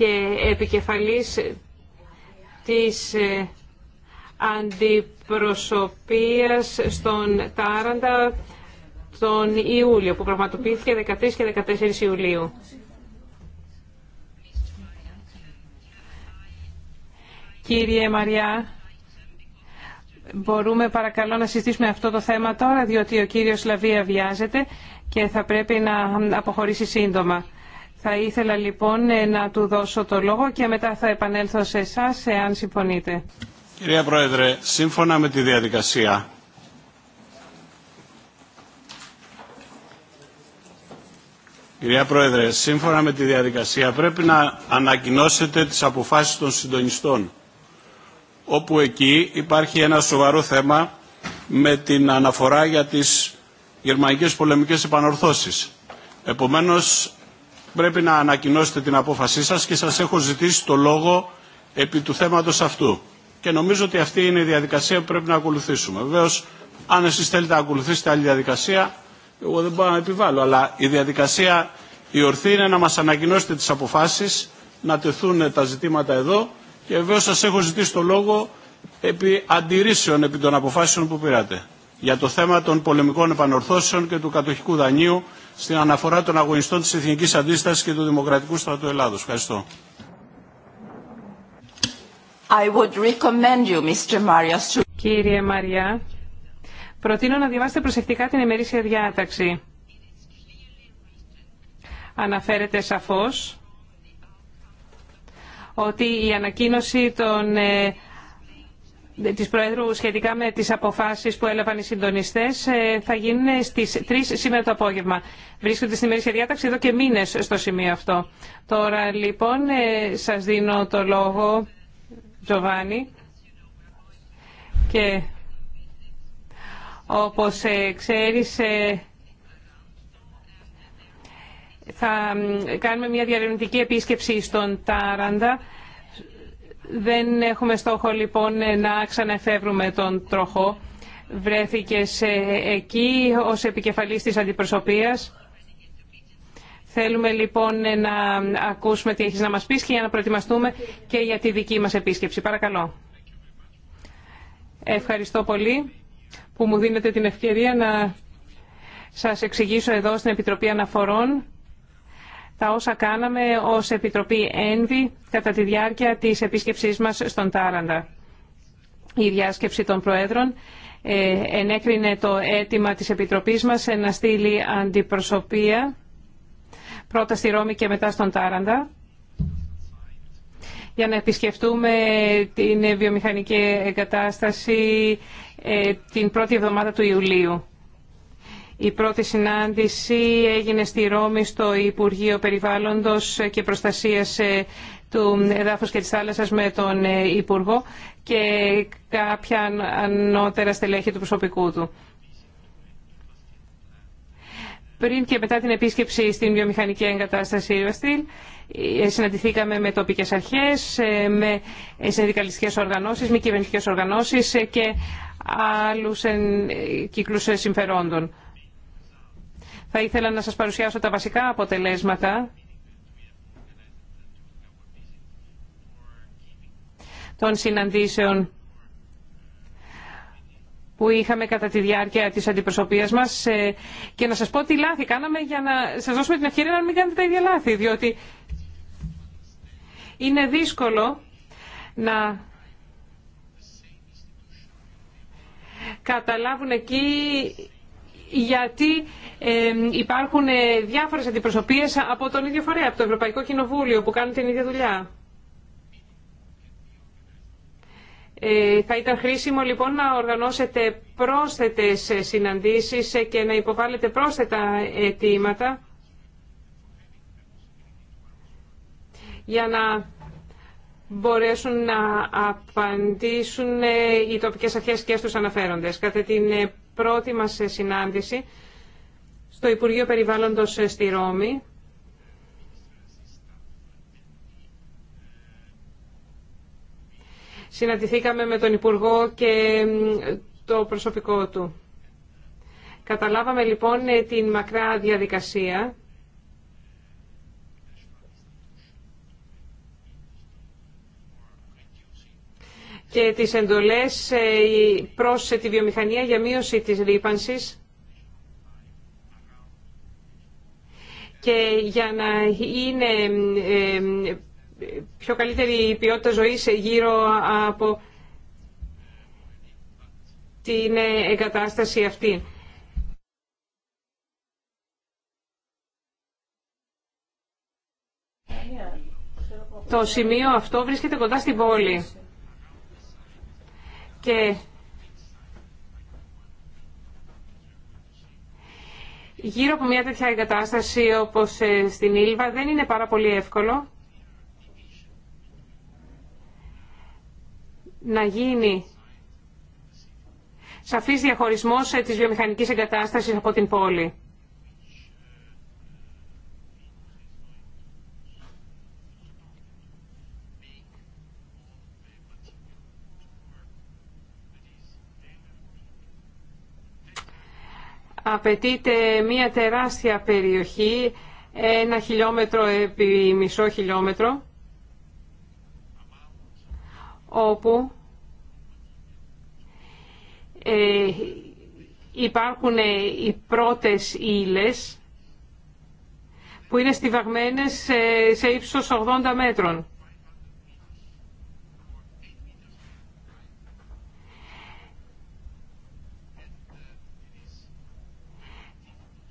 και επικεφαλής της ε, αντιπροσωπείας στον Τάραντα τον Ιούλιο, που πραγματοποιήθηκε 13 και 14 Ιουλίου. Κύριε Μαριά, μπορούμε παρακαλώ να συζητήσουμε αυτό το θέμα τώρα, διότι ο κύριος Λαβία βιάζεται και θα πρέπει να αποχωρήσει σύντομα. Θα ήθελα λοιπόν ε, να του δώσω το λόγο και μετά θα επανέλθω σε εσά εάν συμφωνείτε. Κυρία Πρόεδρε, σύμφωνα με τη διαδικασία Κυρία Πρόεδρε, σύμφωνα με τη διαδικασία πρέπει να ανακοινώσετε τις αποφάσεις των συντονιστών όπου εκεί υπάρχει ένα σοβαρό θέμα με την αναφορά για τις γερμανικές πολεμικές επανορθώσεις. Επομένως, πρέπει να ανακοινώσετε την απόφασή σας και σας έχω ζητήσει το λόγο επί του θέματος αυτού. Και νομίζω ότι αυτή είναι η διαδικασία που πρέπει να ακολουθήσουμε. Βεβαίω, αν εσείς θέλετε να ακολουθήσετε άλλη διαδικασία, εγώ δεν μπορώ να επιβάλλω, αλλά η διαδικασία η ορθή είναι να μας ανακοινώσετε τις αποφάσεις, να τεθούν τα ζητήματα εδώ και βεβαίω σας έχω ζητήσει το λόγο επί αντιρρήσεων επί των αποφάσεων που πήρατε για το θέμα των πολεμικών επανορθώσεων και του κατοχικού δανείου στην αναφορά των αγωνιστών της Εθνικής Αντίστασης και του Δημοκρατικού Στρατού Ελλάδος. Ευχαριστώ. I would recommend you, Mr. Κύριε Μαριά, προτείνω να διαβάσετε προσεκτικά την ημερήσια διάταξη. Αναφέρεται σαφώς ότι η ανακοίνωση των ε, της Προέδρου σχετικά με τις αποφάσεις που έλαβαν οι συντονιστές ε, θα γίνουν στις 3 σήμερα το απόγευμα. Βρίσκονται στη ημερήσια διάταξη εδώ και μήνες στο σημείο αυτό. Τώρα λοιπόν ε, σας δίνω το λόγο, Τζοβάνι. Και όπως ε, ξέρεις θα κάνουμε μια διαρευνητική επίσκεψη στον Τάραντα δεν έχουμε στόχο λοιπόν να ξαναεφεύρουμε τον τροχό. Βρέθηκες εκεί ως επικεφαλής της αντιπροσωπείας. Θέλουμε λοιπόν να ακούσουμε τι έχεις να μας πεις και για να προετοιμαστούμε και για τη δική μας επίσκεψη. Παρακαλώ. Ευχαριστώ πολύ που μου δίνετε την ευκαιρία να σας εξηγήσω εδώ στην Επιτροπή Αναφορών τα όσα κάναμε ως Επιτροπή ΕΝΒΗ κατά τη διάρκεια της επίσκεψής μας στον Τάραντα. Η διάσκεψη των Προέδρων ε, ενέκρινε το αίτημα της Επιτροπής μας να στείλει αντιπροσωπεία πρώτα στη Ρώμη και μετά στον Τάραντα για να επισκεφτούμε την βιομηχανική εγκατάσταση ε, την πρώτη εβδομάδα του Ιουλίου. Η πρώτη συνάντηση έγινε στη Ρώμη στο Υπουργείο Περιβάλλοντος και Προστασίας ε, του Εδάφους και της Θάλασσας με τον ε, Υπουργό και κάποια ανώτερα στελέχη του προσωπικού του. Πριν και μετά την επίσκεψη στην βιομηχανική εγκατάσταση Ριβαστήλ, ε, συναντηθήκαμε με τοπικές αρχές, με συνδικαλιστικές οργανώσεις, με κυβερνητικές οργανώσεις και άλλους κύκλους συμφερόντων. Θα ήθελα να σας παρουσιάσω τα βασικά αποτελέσματα των συναντήσεων που είχαμε κατά τη διάρκεια της αντιπροσωπείας μας ε, και να σας πω τι λάθη κάναμε για να σας δώσουμε την ευκαιρία να μην κάνετε τα ίδια λάθη, διότι είναι δύσκολο να καταλάβουν εκεί γιατί υπάρχουν ε, διάφορες αντιπροσωπείες από τον ίδιο φορέα, από το Ευρωπαϊκό Κοινοβούλιο που κάνουν την ίδια δουλειά. Ε, θα ήταν χρήσιμο λοιπόν να οργανώσετε πρόσθετες ε, συναντήσεις και να υποβάλλετε πρόσθετα αιτήματα για να μπορέσουν να απαντήσουν οι τοπικές αρχές και στους αναφέροντες. Κατά την πρώτη μας συνάντηση στο Υπουργείο Περιβάλλοντος ε, στη Ρώμη. Συναντηθήκαμε με τον Υπουργό και το προσωπικό του. Καταλάβαμε λοιπόν ε, την μακρά διαδικασία και τις εντολές ε, προς ε, τη βιομηχανία για μείωση της ρήπανσης και για να είναι ε, πιο καλύτερη η ποιότητα ζωής γύρω από την εγκατάσταση αυτή. Το σημείο αυτό βρίσκεται κοντά στην πόλη. Και γύρω από μια τέτοια εγκατάσταση όπως ε, στην Ήλβα δεν είναι πάρα πολύ εύκολο να γίνει σαφής διαχωρισμός ε, της βιομηχανικής εγκατάστασης από την πόλη. απαιτείται μία τεράστια περιοχή, ένα χιλιόμετρο επί μισό χιλιόμετρο, όπου ε, υπάρχουν οι πρώτες ύλες που είναι στιβαγμένες ε, σε ύψος 80 μέτρων.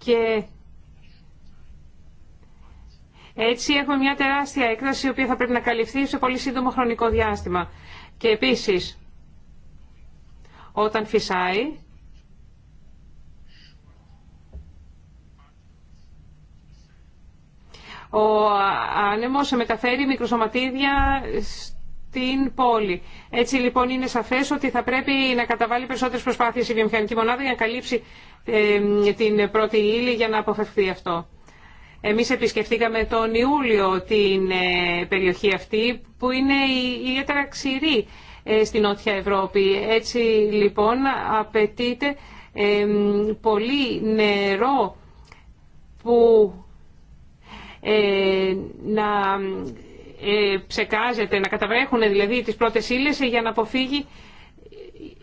και έτσι έχουμε μια τεράστια έκταση η οποία θα πρέπει να καλυφθεί σε πολύ σύντομο χρονικό διάστημα. Και επίσης, όταν φυσάει, ο άνεμος μεταφέρει μικροσωματίδια στην πόλη. Έτσι λοιπόν είναι σαφές ότι θα πρέπει να καταβάλει περισσότερες προσπάθειες η βιομηχανική μονάδα για να καλύψει την πρώτη ύλη για να αποφευθεί αυτό. Εμείς επισκεφτήκαμε τον Ιούλιο την ε, περιοχή αυτή που είναι ιδιαίτερα ξηρή ε, στην Νότια Ευρώπη. Έτσι λοιπόν απαιτείται πολύ νερό που ε, να ψεκάζεται, να καταβρέχουν δηλαδή τις πρώτες ύλες για να αποφύγει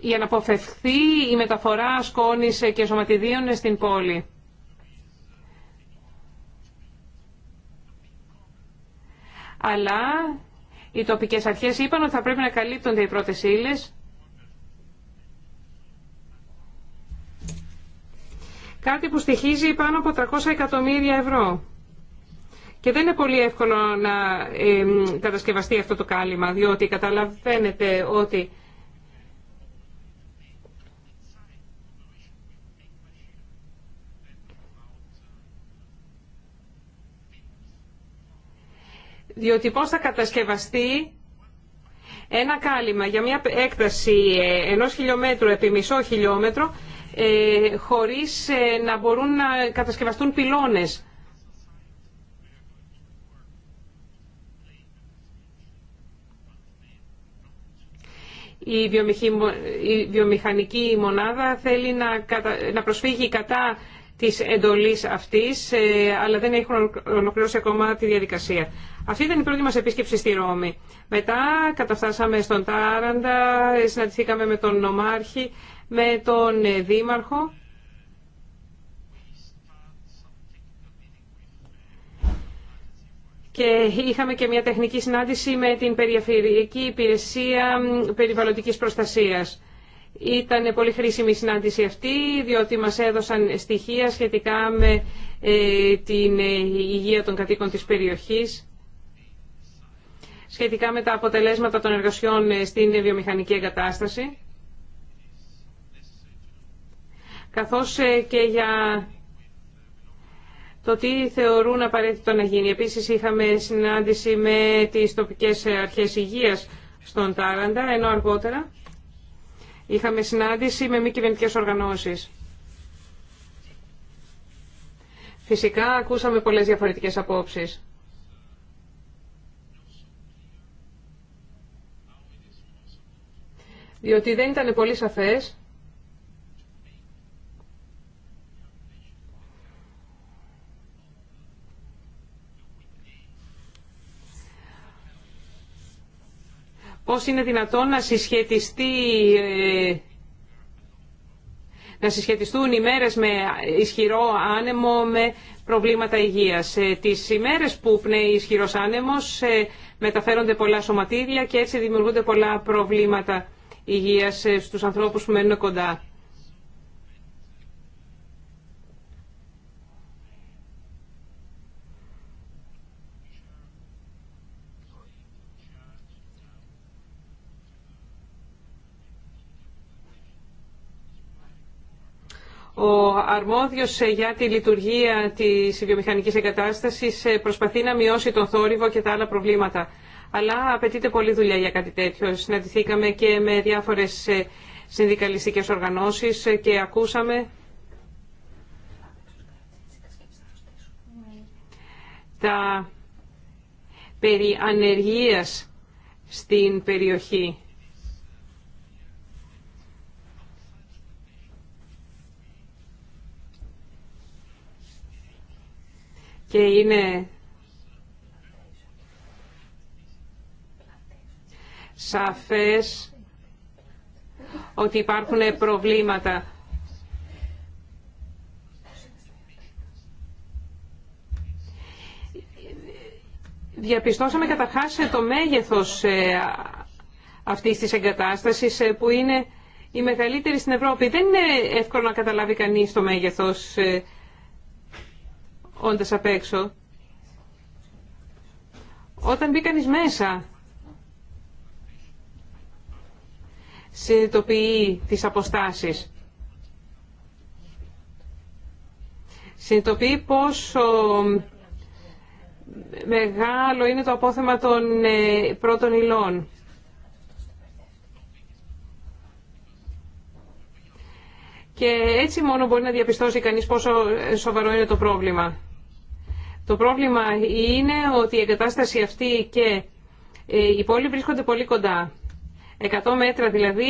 για να αποφευχθεί η μεταφορά σκόνης και σωματιδίων στην πόλη. Αλλά οι τοπικές αρχές είπαν ότι θα πρέπει να καλύπτονται οι πρώτες ύλες κάτι που στοιχίζει πάνω από 300 εκατομμύρια ευρώ. Και δεν είναι πολύ εύκολο να κατασκευαστεί αυτό το κάλυμα, διότι καταλαβαίνετε ότι διότι πώς θα κατασκευαστεί ένα κάλυμα για μια έκταση ε, ενός χιλιόμετρου επί μισό χιλιόμετρο ε, χωρίς ε, να μπορούν να κατασκευαστούν πυλώνες. Η βιομηχανική μονάδα θέλει να προσφύγει κατά της εντολής αυτής, ε, αλλά δεν έχουν ολοκληρώσει ακόμα τη διαδικασία. Αυτή ήταν η πρώτη μας επίσκεψη στη Ρώμη. Μετά καταφτάσαμε στον Τάραντα, συναντηθήκαμε με τον Νομάρχη, με τον ε, Δήμαρχο. Και είχαμε και μια τεχνική συνάντηση με την Περιφερειακή Υπηρεσία Περιβαλλοντικής Προστασίας. Ήταν πολύ χρήσιμη η συνάντηση αυτή, διότι μας έδωσαν στοιχεία σχετικά με ε, την ε, υγεία των κατοίκων της περιοχής, σχετικά με τα αποτελέσματα των εργασιών ε, στην βιομηχανική εγκατάσταση, καθώς και για το τι θεωρούν απαραίτητο να γίνει. Επίσης είχαμε συνάντηση με τις τοπικές αρχές υγείας στον Τάραντα, ενώ αργότερα Είχαμε συνάντηση με μη κυβερνητικέ οργανώσει. Φυσικά ακούσαμε πολλές διαφορετικές απόψεις. Διότι δεν ήταν πολύ σαφές πώς είναι δυνατόν να συσχετιστεί ε, να συσχετιστούν οι μέρες με ισχυρό άνεμο με προβλήματα υγείας. Ε, τις ημέρες που πνέει ισχυρός άνεμος ε, μεταφέρονται πολλά σωματίδια και έτσι δημιουργούνται πολλά προβλήματα υγείας στους ανθρώπους που μένουν κοντά. Ο αρμόδιος ε, για τη λειτουργία της βιομηχανικής εγκατάστασης ε, προσπαθεί να μειώσει τον θόρυβο και τα άλλα προβλήματα. Αλλά απαιτείται πολλή δουλειά για κάτι τέτοιο. Συναντηθήκαμε και με διάφορες ε, συνδικαλιστικές οργανώσεις και ακούσαμε τα περί ανεργίας στην περιοχή. και είναι σαφές ότι υπάρχουν προβλήματα. Διαπιστώσαμε καταρχάς το μέγεθος ε, αυτής της εγκατάστασης ε, που είναι η μεγαλύτερη στην Ευρώπη. Δεν είναι εύκολο να καταλάβει κανείς το μέγεθος ε, όντας απ' έξω. Όταν μπει μέσα, συνειδητοποιεί τις αποστάσεις. Συνειδητοποιεί πόσο μεγάλο είναι το απόθεμα των ε, πρώτων υλών. και έτσι μόνο μπορεί να διαπιστώσει κανείς πόσο σοβαρό είναι το πρόβλημα. Το πρόβλημα είναι ότι η εγκατάσταση αυτή και ε, οι πόλοι βρίσκονται πολύ κοντά. 100 μέτρα δηλαδή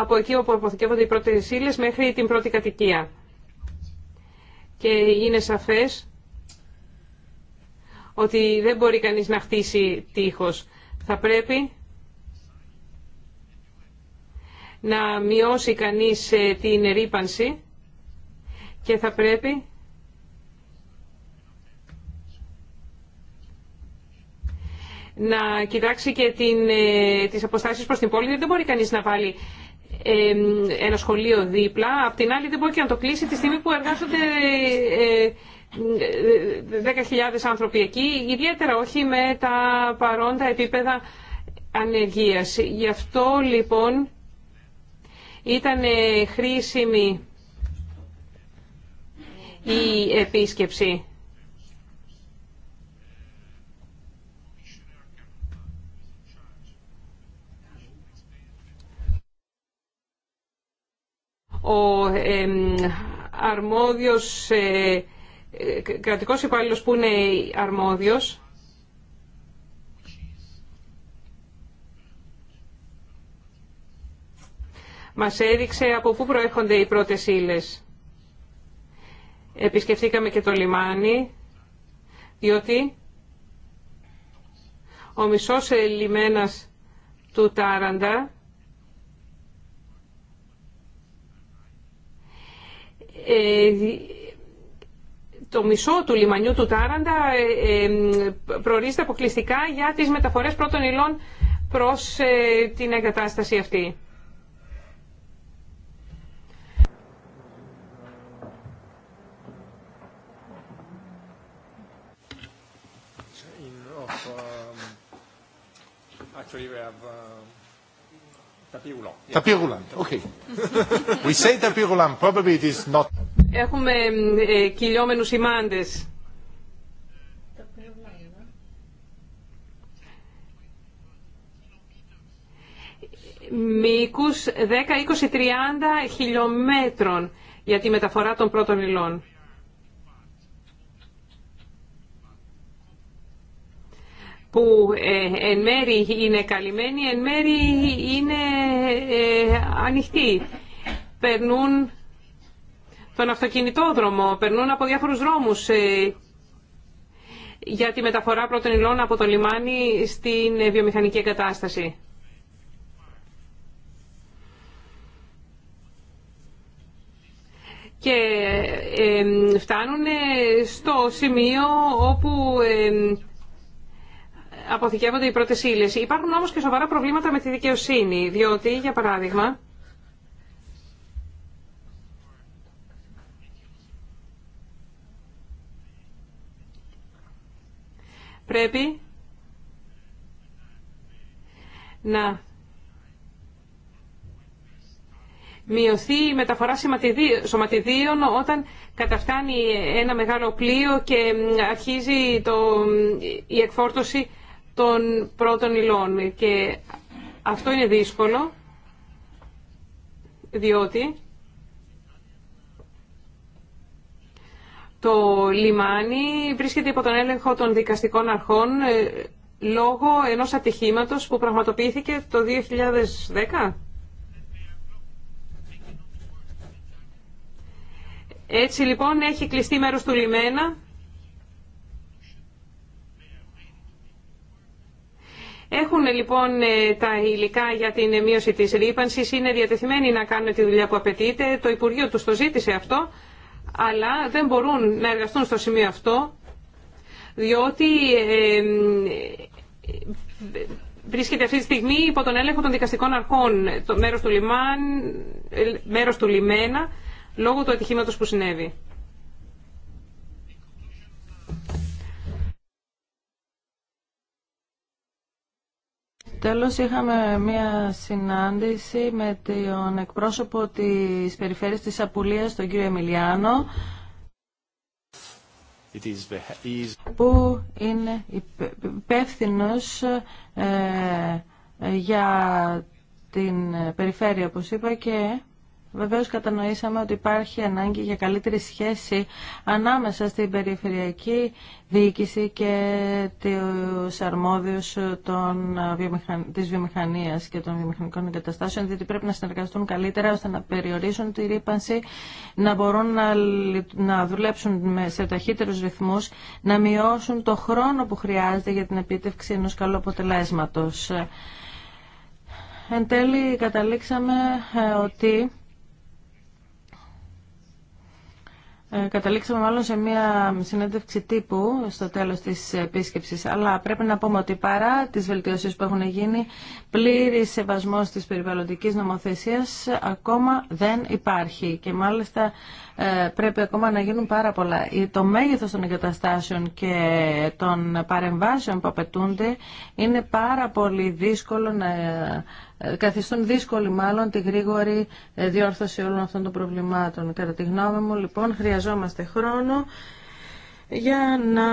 από εκεί όπου αποθηκεύονται οι πρώτες ύλε μέχρι την πρώτη κατοικία. Και είναι σαφές ότι δεν μπορεί κανείς να χτίσει τείχος. Θα πρέπει να μειώσει κανείς ε, την ρήπανση και θα πρέπει να κοιτάξει και την, ε, τις αποστάσεις προς την πόλη. Δεν μπορεί κανείς να βάλει ε, ένα σχολείο δίπλα. Απ' την άλλη δεν μπορεί και να το κλείσει τη στιγμή που εργάζονται 10.000 άνθρωποι εκεί, ιδιαίτερα όχι με τα παρόντα επίπεδα ανεργίας. Γι' αυτό λοιπόν ήταν ε, χρήσιμη η επίσκεψη. Ο ε, αρμόδιος ε, κρατικός υπάλληλος που είναι αρμόδιος μας έδειξε από πού προέρχονται οι πρώτες ύλες. Επισκεφθήκαμε και το λιμάνι, διότι ο μισός λιμένας του Τάραντα ε, το μισό του λιμανιού του Τάραντα ε, ε, προορίζεται αποκλειστικά για τις μεταφορές πρώτων υλών προς την εγκατάσταση αυτή. Έχουμε ε, κυλιόμενους σημάντες. Μήκους 10, 20, 30 χιλιόμετρων για τη μεταφορά των πρώτων υλών. που ε, εν μέρη είναι καλυμμένοι, εν μέρη είναι ε, ανοιχτοί. Περνούν τον αυτοκινητόδρομο, περνούν από διάφορους δρόμους ε, για τη μεταφορά πρώτων υλών από το λιμάνι στην βιομηχανική εγκατάσταση. Και φτάνουν στο σημείο όπου αποθηκεύονται οι πρώτε Υπάρχουν όμως και σοβαρά προβλήματα με τη δικαιοσύνη, διότι, για παράδειγμα, πρέπει να μειωθεί η μεταφορά σωματιδίων όταν καταφτάνει ένα μεγάλο πλοίο και αρχίζει το, η εκφόρτωση των πρώτων υλών. Και αυτό είναι δύσκολο, διότι το λιμάνι βρίσκεται υπό τον έλεγχο των δικαστικών αρχών ε, λόγω ενός ατυχήματος που πραγματοποιήθηκε το 2010. Έτσι λοιπόν έχει κλειστεί μέρος του λιμένα Έχουν λοιπόν ε, τα υλικά για την μείωση της ρήπανσης, είναι διατεθειμένοι να κάνουν τη δουλειά που απαιτείται, το Υπουργείο τους το ζήτησε αυτό, αλλά δεν μπορούν να εργαστούν στο σημείο αυτό, διότι ε, βρίσκεται αυτή τη στιγμή υπό τον έλεγχο των δικαστικών αρχών το μέρος του, λιμάν, ε, μέρος του λιμένα λόγω του ατυχήματος που συνέβη. Τέλος είχαμε μία συνάντηση με τον εκπρόσωπο της περιφέρειας της Απουλίας, τον κύριο Εμιλιάνο, που είναι υπεύθυνο ε, για την περιφέρεια, όπως είπα, και Βεβαίω κατανοήσαμε ότι υπάρχει ανάγκη για καλύτερη σχέση ανάμεσα στην περιφερειακή διοίκηση και τους αρμόδιους τη ε, βιομηχανία της βιομηχανίας και των βιομηχανικών εγκαταστάσεων, διότι πρέπει να συνεργαστούν καλύτερα ώστε να περιορίσουν τη ρήπανση, να μπορούν να, να δουλέψουν σε ταχύτερους ρυθμούς, να μειώσουν το χρόνο που χρειάζεται για την επίτευξη ενός καλού αποτελέσματος. Εν τέλει καταλήξαμε ε, ότι Ε, καταλήξαμε μάλλον σε μια συνέντευξη τύπου στο τέλος της επίσκεψης. Αλλά πρέπει να πούμε ότι παρά τις βελτιώσεις που έχουν γίνει, πλήρης σεβασμός της περιβαλλοντικής νομοθεσίας ακόμα δεν υπάρχει. Και μάλιστα ε, πρέπει ακόμα να γίνουν πάρα πολλά. Το μέγεθος των εγκαταστάσεων και των παρεμβάσεων που απαιτούνται είναι πάρα πολύ δύσκολο να ε, καθιστούν δύσκολη μάλλον τη γρήγορη ε, διόρθωση όλων αυτών των προβλημάτων. Κατά τη γνώμη μου λοιπόν χρειαζόμαστε χρόνο για να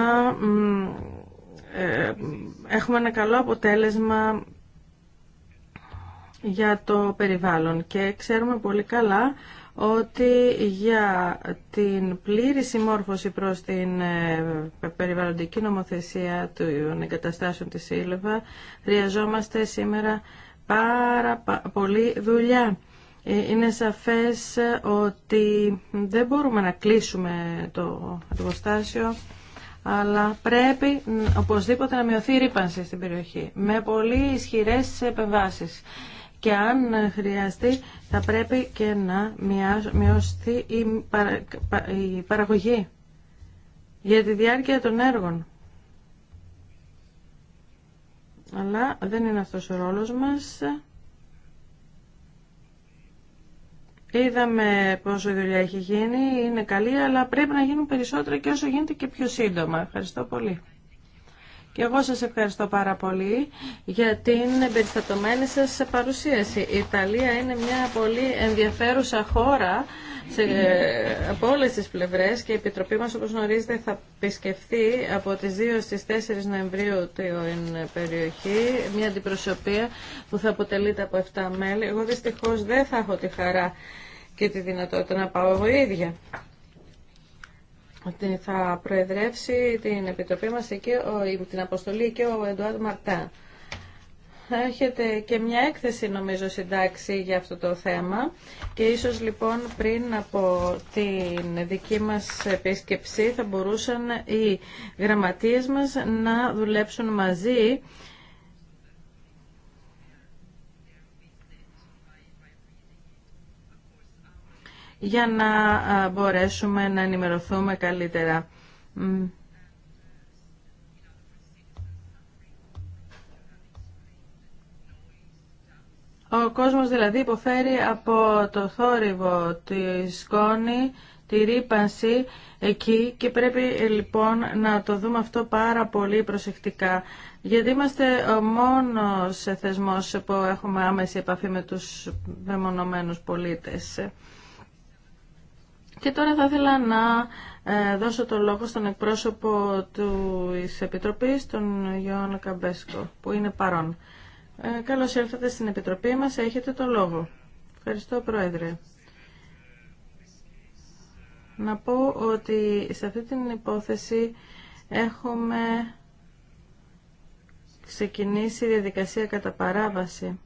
έχουμε ένα καλό αποτέλεσμα για το περιβάλλον και ξέρουμε πολύ καλά ότι για την πλήρη συμμόρφωση προς την ε, περιβαλλοντική νομοθεσία των εγκαταστάσεων της ΣΥΛΕΒΑ χρειαζόμαστε σήμερα πάρα πολύ δουλειά. Ε, είναι σαφές ε, ότι δεν μπορούμε να κλείσουμε το εργοστάσιο αλλά πρέπει οπωσδήποτε να μειωθεί η ρήπανση στην περιοχή με πολύ ισχυρές επεμβάσεις και αν χρειαστεί θα πρέπει και να μειώσει η παραγωγή για τη διάρκεια των έργων. Αλλά δεν είναι αυτός ο ρόλος μας. Είδαμε πόσο η δουλειά έχει γίνει, είναι καλή, αλλά πρέπει να γίνουν περισσότερα και όσο γίνεται και πιο σύντομα. Ευχαριστώ πολύ. Και εγώ σας ευχαριστώ πάρα πολύ για την εμπεριστατωμένη σας παρουσίαση. Η Ιταλία είναι μια πολύ ενδιαφέρουσα χώρα σε, από όλε τι πλευρέ και η Επιτροπή μα, όπω γνωρίζετε, θα επισκεφθεί από τι 2 στι 4 Νοεμβρίου την περιοχή, μια αντιπροσωπεία που θα αποτελείται από 7 μέλη. Εγώ δυστυχώ δεν θα έχω τη χαρά και τη δυνατότητα να πάω εγώ ίδια ότι θα προεδρεύσει την επιτροπή μας εκεί, την αποστολή και ο Εντουάρ Μαρτά. Έχετε και μια έκθεση νομίζω συντάξει για αυτό το θέμα και ίσως λοιπόν πριν από την δική μας επίσκεψη θα μπορούσαν οι γραμματείες μας να δουλέψουν μαζί για να μπορέσουμε να ενημερωθούμε καλύτερα. Ο κόσμος δηλαδή υποφέρει από το θόρυβο, τη σκόνη, τη ρήπανση εκεί και πρέπει ε, λοιπόν να το δούμε αυτό πάρα πολύ προσεκτικά γιατί είμαστε ο μόνος θεσμός που έχουμε άμεση επαφή με τους δεμονομένους πολίτες. Και τώρα θα ήθελα να ε, δώσω το λόγο στον εκπρόσωπο του Επιτροπής, τον Γιώνα Καμπέσκο, που είναι παρόν. Ε, καλώς ήρθατε στην Επιτροπή μας, έχετε το λόγο. Ευχαριστώ, Πρόεδρε. Να πω ότι σε αυτή την υπόθεση έχουμε ξεκινήσει διαδικασία κατά παράβαση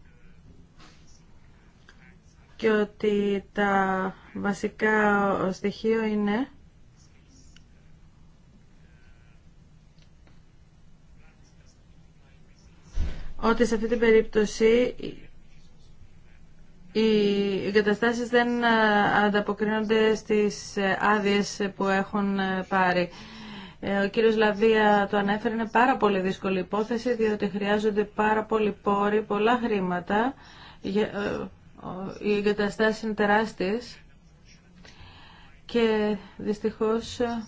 και ότι τα βασικά στοιχεία είναι ότι σε αυτή την περίπτωση οι εγκαταστάσεις δεν ανταποκρίνονται στις άδειες που έχουν πάρει. Ε, ο κύριος Λαβία το ανέφερε, είναι πάρα πολύ δύσκολη υπόθεση, διότι χρειάζονται πάρα πολλοί πόροι, πολλά χρήματα ε, οι εγκαταστάσεις είναι τεράστιες και δυστυχώς ε,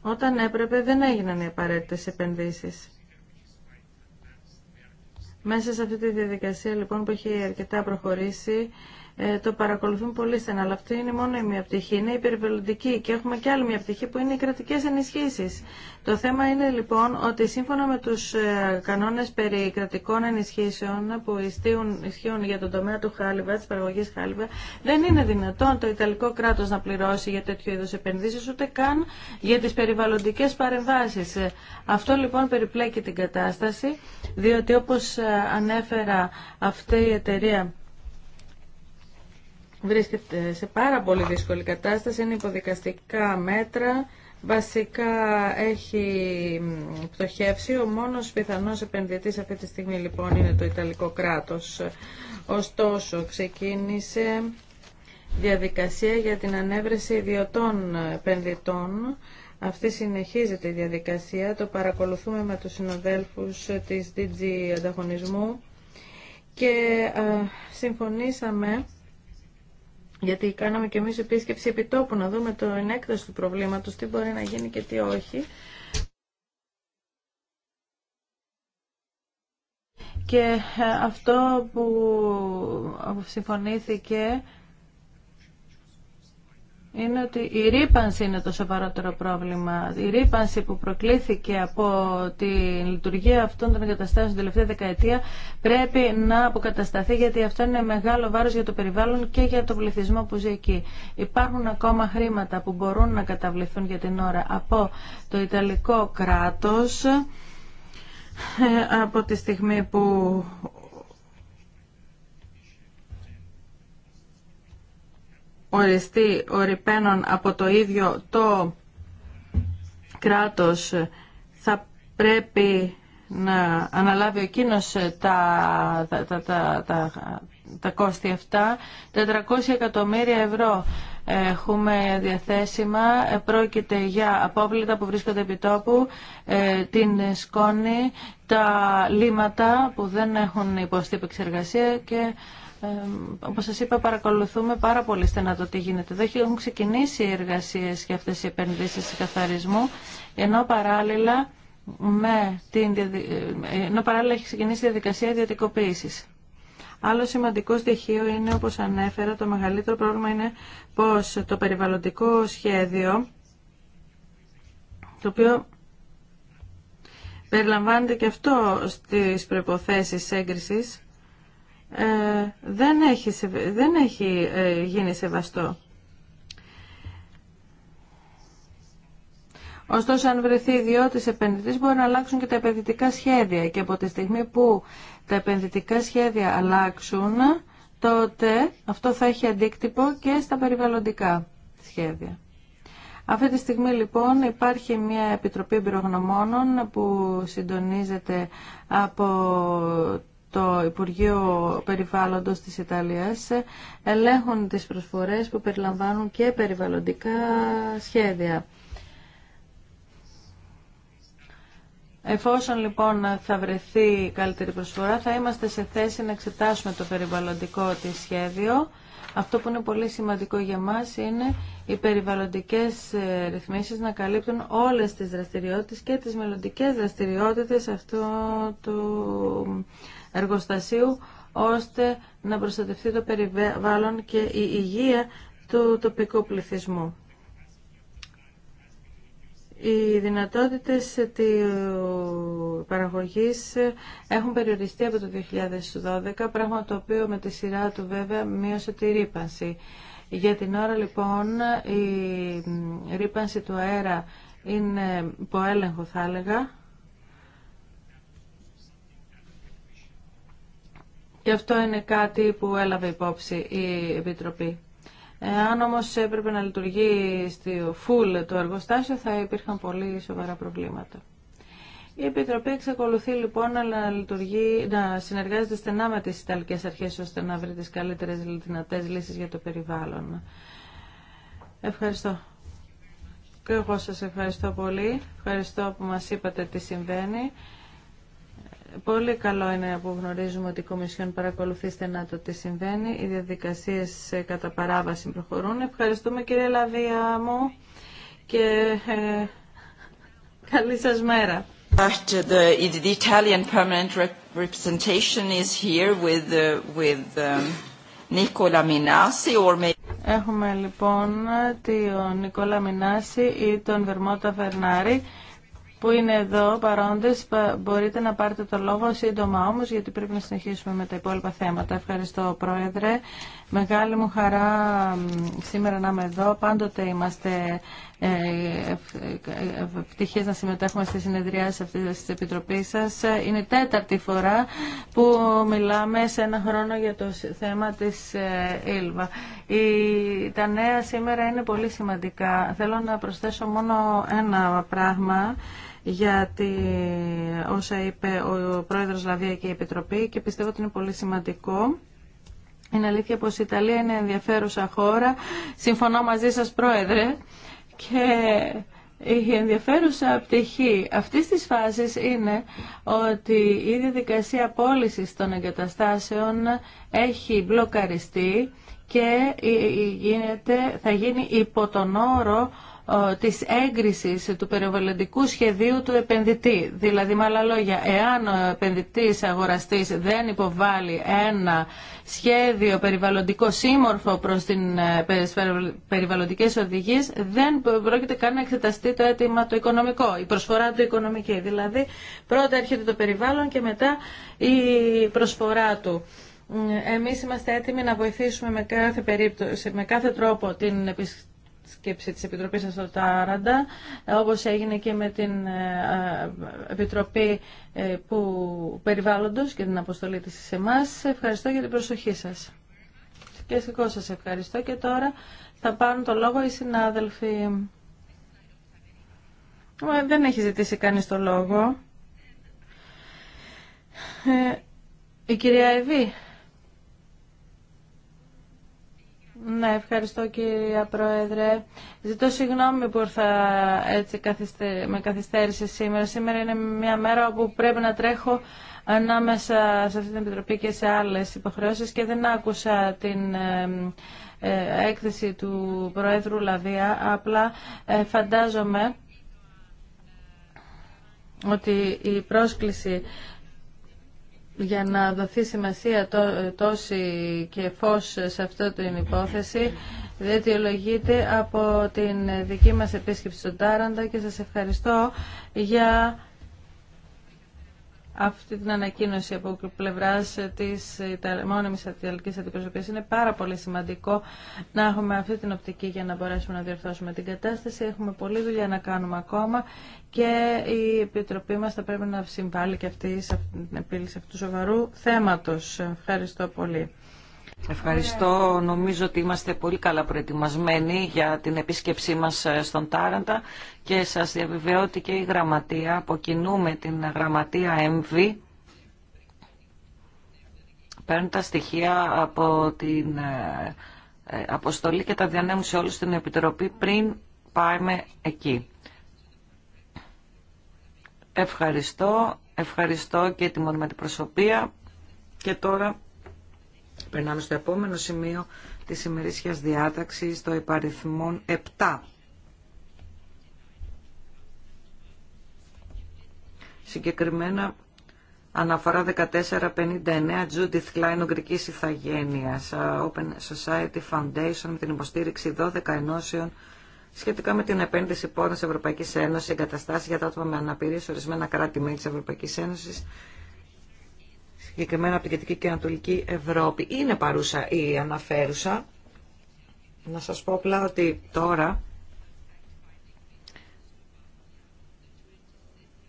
όταν έπρεπε δεν έγιναν οι απαραίτητες επενδύσεις. Μέσα σε αυτή τη διαδικασία λοιπόν που έχει αρκετά προχωρήσει ε, το παρακολουθούν πολύ στενά, αλλά αυτή είναι μόνο η μία πτυχή, είναι η περιβαλλοντική και έχουμε και άλλη μία πτυχή που είναι οι κρατικέ ενισχύσει. Το θέμα είναι λοιπόν ότι σύμφωνα με τους ε, κανόνε περί κρατικών ενισχύσεων που ισχύουν, ισχύουν για τον τομέα του χάλιβα, τη παραγωγή χάλιβα, δεν είναι δυνατόν το Ιταλικό κράτο να πληρώσει για τέτοιου είδους επενδύσει, ούτε καν για τις περιβαλλοντικέ παρεμβάσεις. Ε, αυτό λοιπόν περιπλέκει την κατάσταση, διότι όπω ανέφερα αυτή η εταιρεία βρίσκεται σε πάρα πολύ δύσκολη κατάσταση, είναι υποδικαστικά μέτρα, βασικά έχει πτωχεύσει. Ο μόνος πιθανός επενδυτής αυτή τη στιγμή λοιπόν είναι το Ιταλικό κράτος. Ωστόσο ξεκίνησε διαδικασία για την ανέβρεση ιδιωτών επενδυτών. Αυτή συνεχίζεται η διαδικασία, το παρακολουθούμε με τους συνοδέλφους της DG Ανταγωνισμού και συμφωνήσαμε γιατί κάναμε και εμείς επίσκεψη επιτόπου να δούμε το ενέκταση του προβλήματος, τι μπορεί να γίνει και τι όχι. Και ε, αυτό που ε, συμφωνήθηκε είναι ότι η ρήπανση είναι το σοβαρότερο πρόβλημα. Η ρήπανση που προκλήθηκε από τη λειτουργία αυτών των εγκαταστάσεων την τελευταία δεκαετία πρέπει να αποκατασταθεί γιατί αυτό είναι μεγάλο βάρος για το περιβάλλον και για τον πληθυσμό που ζει εκεί. Υπάρχουν ακόμα χρήματα που μπορούν να καταβληθούν για την ώρα από το Ιταλικό κράτος ε, από τη στιγμή που οριστεί ο από το ίδιο το κράτος θα πρέπει να αναλάβει εκείνο τα, τα, τα, τα, τα, τα κόστη αυτά. 400 εκατομμύρια ευρώ έχουμε διαθέσιμα. Πρόκειται για απόβλητα που βρίσκονται επί τόπου, ε, την σκόνη, τα λίματα που δεν έχουν υποστεί επεξεργασία και ε, όπως σας είπα παρακολουθούμε πάρα πολύ στενά το τι γίνεται. Δεν έχουν ξεκινήσει οι εργασίες για αυτές οι επενδύσεις καθαρισμού, ενώ παράλληλα, με την, ε, ενώ παράλληλα έχει ξεκινήσει η διαδικασία ιδιωτικοποίηση. Άλλο σημαντικό στοιχείο είναι, όπως ανέφερα, το μεγαλύτερο πρόβλημα είναι πως το περιβαλλοντικό σχέδιο, το οποίο περιλαμβάνεται και αυτό στις προϋποθέσεις έγκρισης, ε, δεν έχει, δεν έχει ε, γίνει σεβαστό. Ωστόσο, αν βρεθεί ιδιώτη επενδυτή, μπορεί να αλλάξουν και τα επενδυτικά σχέδια. Και από τη στιγμή που τα επενδυτικά σχέδια αλλάξουν, τότε αυτό θα έχει αντίκτυπο και στα περιβαλλοντικά σχέδια. Αυτή τη στιγμή λοιπόν υπάρχει μια επιτροπή εμπειρογνωμόνων που συντονίζεται από το Υπουργείο Περιβάλλοντος της Ιταλίας ε, ελέγχουν τις προσφορές που περιλαμβάνουν και περιβαλλοντικά σχέδια. Εφόσον λοιπόν θα βρεθεί καλύτερη προσφορά, θα είμαστε σε θέση να εξετάσουμε το περιβαλλοντικό της σχέδιο. Αυτό που είναι πολύ σημαντικό για μας είναι οι περιβαλλοντικές ε, ρυθμίσεις να καλύπτουν όλες τις δραστηριότητες και τις μελλοντικές δραστηριότητες αυτού του εργοστασίου ώστε να προστατευτεί το περιβάλλον και η υγεία του τοπικού πληθυσμού. Οι δυνατότητες της παραγωγής έχουν περιοριστεί από το 2012, πράγμα το οποίο με τη σειρά του βέβαια μείωσε τη ρήπανση. Για την ώρα λοιπόν η ρήπανση του αέρα είναι υποέλεγχο θα έλεγα Και αυτό είναι κάτι που έλαβε υπόψη η Επιτροπή. Αν όμω έπρεπε να λειτουργεί στη full το εργοστάσιο θα υπήρχαν πολύ σοβαρά προβλήματα. Η Επιτροπή εξακολουθεί λοιπόν να, λειτουργεί, να συνεργάζεται στενά με τις ιταλικέ Αρχές ώστε να βρει τις καλύτερες δυνατέ λύσεις για το περιβάλλον. Ευχαριστώ. Και εγώ σας ευχαριστώ πολύ. Ευχαριστώ που μας είπατε τι συμβαίνει. Πολύ καλό είναι που γνωρίζουμε ότι η Κομισιόν παρακολουθεί στενά το τι συμβαίνει. Οι διαδικασίε κατά παράβαση προχωρούν. Ευχαριστούμε κύριε Λαβία μου και ε, καλή σας μέρα. Έχουμε λοιπόν τον Νικόλα Μινάση ή τον Βερμότα Φερνάρη που είναι εδώ παρόντες μπορείτε να πάρετε το λόγο σύντομα όμως γιατί πρέπει να συνεχίσουμε με τα υπόλοιπα θέματα. Ευχαριστώ Πρόεδρε. Μεγάλη μου χαρά σήμερα να είμαι εδώ. Πάντοτε είμαστε ε, ευτυχεί να συμμετέχουμε στη συνεδριάσεις αυτή τη Επιτροπή σα. Είναι η τέταρτη φορά που μιλάμε σε ένα χρόνο για το θέμα τη ΕΛΒΑ. Τα νέα σήμερα είναι πολύ σημαντικά. Θέλω να προσθέσω μόνο ένα πράγμα γιατί όσα είπε ο πρόεδρος Λαβία και η Επιτροπή και πιστεύω ότι είναι πολύ σημαντικό. Είναι αλήθεια πως η Ιταλία είναι ενδιαφέρουσα χώρα. Συμφωνώ μαζί σας πρόεδρε και η ενδιαφέρουσα πτυχή αυτή τη φάση είναι ότι η διαδικασία πώληση των εγκαταστάσεων έχει μπλοκαριστεί και γίνεται, θα γίνει υπό τον όρο ε, της έγκρισης του περιβαλλοντικού σχεδίου του επενδυτή. Δηλαδή, με άλλα λόγια, εάν ο επενδυτής αγοραστής δεν υποβάλει ένα σχέδιο περιβαλλοντικό σύμμορφο προς τις ε, περιβαλλοντικές οδηγίες, δεν πρόκειται καν να εξεταστεί το αίτημα το οικονομικό, η προσφορά του οικονομική. Δηλαδή, πρώτα έρχεται το περιβάλλον και μετά η προσφορά του. Εμείς είμαστε έτοιμοι να βοηθήσουμε με κάθε, περίπτωση, με κάθε τρόπο την σκέψη της Επιτροπής σας στο όπως έγινε και με την ε, ε, Επιτροπή ε, που περιβάλλοντος και την αποστολή της σε εμά. Ευχαριστώ για την προσοχή σας. Και εγώ σας ευχαριστώ και τώρα θα πάρουν το λόγο οι συνάδελφοι. Δεν έχει ζητήσει κανείς το λόγο. η κυρία Ευή Ναι, ευχαριστώ κυρία Πρόεδρε. Ζητώ συγγνώμη που ήρθα έτσι με καθυστέρηση σήμερα. Σήμερα είναι μια μέρα όπου πρέπει να τρέχω ανάμεσα σε αυτή την Επιτροπή και σε άλλες υποχρεώσεις και δεν άκουσα την ε, έκθεση του Προέδρου Λαβία. Απλά ε, φαντάζομαι ότι η πρόσκληση για να δοθεί σημασία τόση και φως σε αυτό την υπόθεση διαιτιολογείται από την δική μας επίσκεψη στον Τάραντα και σας ευχαριστώ για αυτή την ανακοίνωση από πλευρά τη μόνιμη αττική αντιπροσωπεία. Είναι πάρα πολύ σημαντικό να έχουμε αυτή την οπτική για να μπορέσουμε να διορθώσουμε την κατάσταση. Έχουμε πολλή δουλειά να κάνουμε ακόμα και η Επιτροπή μα θα πρέπει να συμβάλλει και αυτή σε την επίλυση αυτού του σοβαρού θέματο. Ευχαριστώ πολύ. Ευχαριστώ. Νομίζω ότι είμαστε πολύ καλά προετοιμασμένοι για την επίσκεψή μας ε, στον Τάραντα και σας διαβεβαιώ ότι και η γραμματεία, αποκινούμε την γραμματεία MV, παίρνει τα στοιχεία από την ε, ε, αποστολή και τα διανέμουν σε όλους την Επιτροπή πριν πάμε εκεί. Ευχαριστώ. Ευχαριστώ και τη την προσωπία. Και τώρα Περνάμε στο επόμενο σημείο της ημερήσιας διάταξης, το υπαριθμόν 7. Συγκεκριμένα αναφορά 1459 Judith Klein Ουγγρική Ιθαγένειας Open Society Foundation με την υποστήριξη 12 ενώσεων σχετικά με την επένδυση πόρων της Ευρωπαϊκής Ένωσης εγκαταστάσεις για τα άτομα με αναπηρία σε ορισμένα κράτη-μέλη της Ευρωπαϊκής Ένωσης συγκεκριμένα από την Κεντρική και Ανατολική Ευρώπη. Είναι παρούσα η αναφέρουσα. Να σας πω απλά ότι τώρα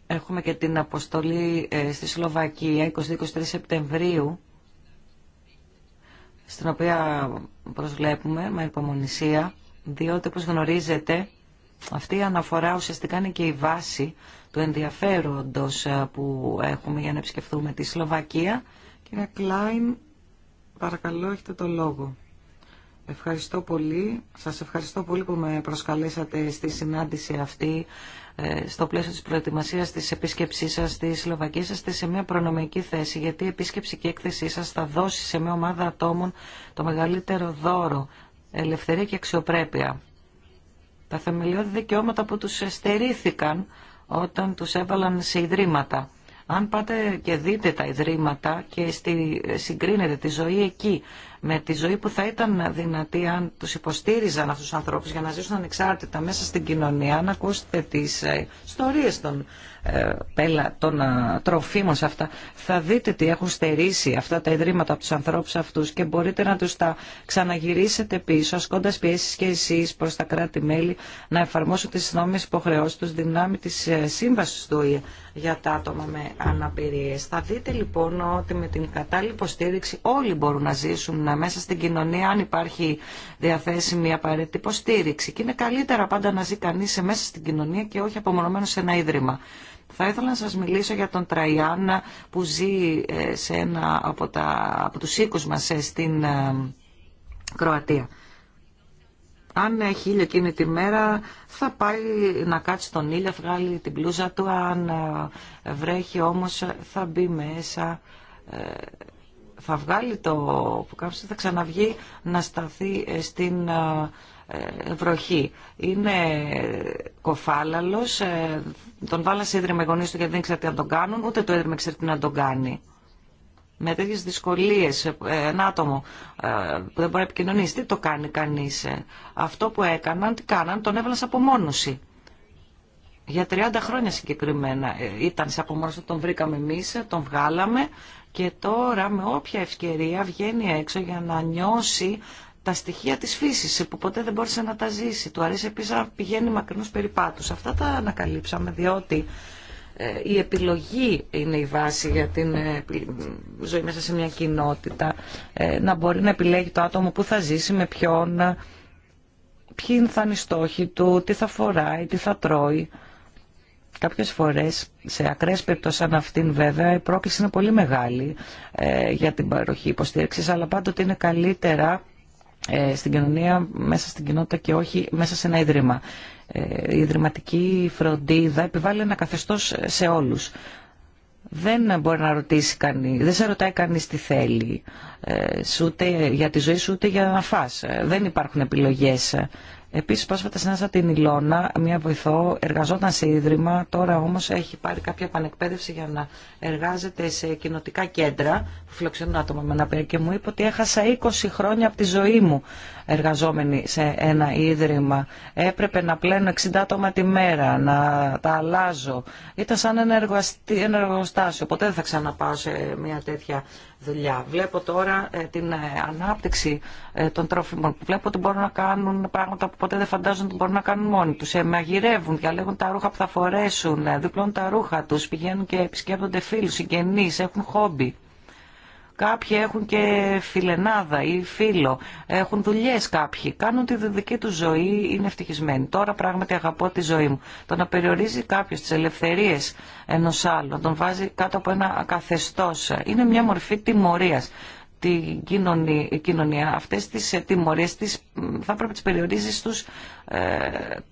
έχουμε και την αποστολή ε, στη Σλοβακία 22-23 Σεπτεμβρίου στην οποία προσβλέπουμε με υπομονησία διότι όπως γνωρίζετε αυτή η αναφορά ουσιαστικά είναι και η βάση του ενδιαφέροντος ε, που έχουμε για να επισκεφθούμε τη Σλοβακία. Κύριε Κλάιν, παρακαλώ έχετε το λόγο. Ευχαριστώ πολύ. Σας ευχαριστώ πολύ που με προσκαλέσατε στη συνάντηση αυτή ε, στο πλαίσιο της προετοιμασίας της επίσκεψής σας στη Σλοβακία. Είστε σε μια προνομική θέση γιατί η επίσκεψη και η έκθεσή σας θα δώσει σε μια ομάδα ατόμων το μεγαλύτερο δώρο, ελευθερία και αξιοπρέπεια τα θεμελιώδη δικαιώματα που τους στερήθηκαν όταν τους έβαλαν σε ιδρύματα. Αν πάτε και δείτε τα ιδρύματα και στη, συγκρίνετε τη ζωή εκεί με τη ζωή που θα ήταν δυνατή αν τους υποστήριζαν αυτούς τους ανθρώπους για να ζήσουν ανεξάρτητα μέσα στην κοινωνία, να ακούσετε τις ε, ιστορίες των, ε, πέλα, των ε, τροφίμων σε αυτά, θα δείτε τι έχουν στερήσει αυτά τα ιδρύματα από τους ανθρώπους αυτούς και μπορείτε να τους τα ξαναγυρίσετε πίσω, ασκώντας πιέσεις και εσείς προς τα κράτη-μέλη να εφαρμόσουν τις νόμιες υποχρεώσεις τους δυνάμει της σύμβασης του ΙΕ για τα άτομα με αναπηρίες. Θα δείτε λοιπόν ότι με την κατάλληλη υποστήριξη όλοι μπορούν να ζήσουν μέσα στην κοινωνία αν υπάρχει διαθέσιμη απαραίτητη υποστήριξη. Και είναι καλύτερα πάντα να ζει κανεί μέσα στην κοινωνία και όχι απομονωμένο σε ένα ίδρυμα. Θα ήθελα να σας μιλήσω για τον Τραϊάν που ζει ε, σε ένα από, τα, από τους οίκους μας ε, στην ε, Κροατία. Αν έχει ήλιο εκείνη τη μέρα θα πάει να κάτσει τον ήλιο, θα βγάλει την πλούζα του. Αν βρέχει όμως θα μπει μέσα θα βγάλει το που κάψει, θα ξαναβγεί να σταθεί ε, στην ε, ε, βροχή. Είναι κοφάλαλος, τον βάλα σε ίδρυμα οι του γιατί δεν ξέρει τι να τον κάνουν, ούτε το ίδρυμα ξέρει τι να τον κάνει. Με τέτοιες δυσκολίες, ένα άτομο που δεν μπορεί να επικοινωνήσει, τι το κάνει κανείς. Αυτό που έκαναν, τι κάναν, τον έβαλαν σε απομόνωση. Για 30 χρόνια συγκεκριμένα ήταν σε απομόνωση, τον βρήκαμε εμείς, τον βγάλαμε και τώρα με όποια ευκαιρία βγαίνει έξω για να νιώσει τα στοιχεία της φύσης που ποτέ δεν μπόρεσε να τα ζήσει. Του αρέσει επίσης να πηγαίνει μακρινούς περιπάτους. Αυτά τα ανακαλύψαμε διότι ε, η επιλογή είναι η βάση για την ε, ζωή μέσα σε μια κοινότητα. Ε, να μπορεί να επιλέγει το άτομο που θα ζήσει, με ποιον, ποιοι θα είναι οι στόχοι του, τι θα φοράει, τι θα τρώει. Κάποιες φορές, σε ακραίες περιπτώσεις σαν αυτήν βέβαια, η πρόκληση είναι πολύ μεγάλη ε, για την παροχή υποστήριξης, αλλά πάντοτε είναι καλύτερα ε, στην κοινωνία, μέσα στην κοινότητα και όχι μέσα σε ένα ίδρυμα. Ε, η ιδρυματική φροντίδα επιβάλλει ένα καθεστώς σε όλους. Δεν μπορεί να ρωτήσει κανεί, δεν σε ρωτάει κανεί τι θέλει, ε, ούτε για τη ζωή σου, ούτε για να φας. Δεν υπάρχουν επιλογές. Επίσης πρόσφατα συνάντησα την Ιλώνα, μια βοηθό, εργαζόταν σε ίδρυμα, τώρα όμως έχει πάρει κάποια επανεκπαίδευση για να εργάζεται σε κοινοτικά κέντρα που φιλοξενούν άτομα με αναπηρία και μου είπε ότι έχασα 20 χρόνια από τη ζωή μου εργαζόμενη σε ένα ίδρυμα. Έπρεπε να πλένω 60 άτομα τη μέρα, να τα αλλάζω. Ήταν σαν ένα, εργοστάσιο, ποτέ δεν θα ξαναπάω σε μια τέτοια δουλειά. Βλέπω τώρα ε, την ε, ανάπτυξη ε, των τρόφιμων. Βλέπω ότι μπορούν να κάνουν πράγματα που ποτέ δεν φαντάζονται ότι μπορούν να κάνουν μόνοι του. Ε, μαγειρεύουν, διαλέγουν τα ρούχα που θα φορέσουν, διπλώνουν τα ρούχα τους, πηγαίνουν και επισκέπτονται φίλους, συγγενεί, έχουν χόμπι. Κάποιοι έχουν και φιλενάδα ή φίλο, έχουν δουλειέ κάποιοι, κάνουν τη δική του ζωή, είναι ευτυχισμένοι. Τώρα πράγματι αγαπώ τη ζωή μου. Το να περιορίζει κάποιος τις ελευθερίες ενός άλλου, να τον βάζει κάτω από ένα καθεστώ. είναι μια μορφή τιμωρία την κοινωνία. Αυτές τις τιμωρίες τις, θα πρέπει να τις περιορίζει στους ε,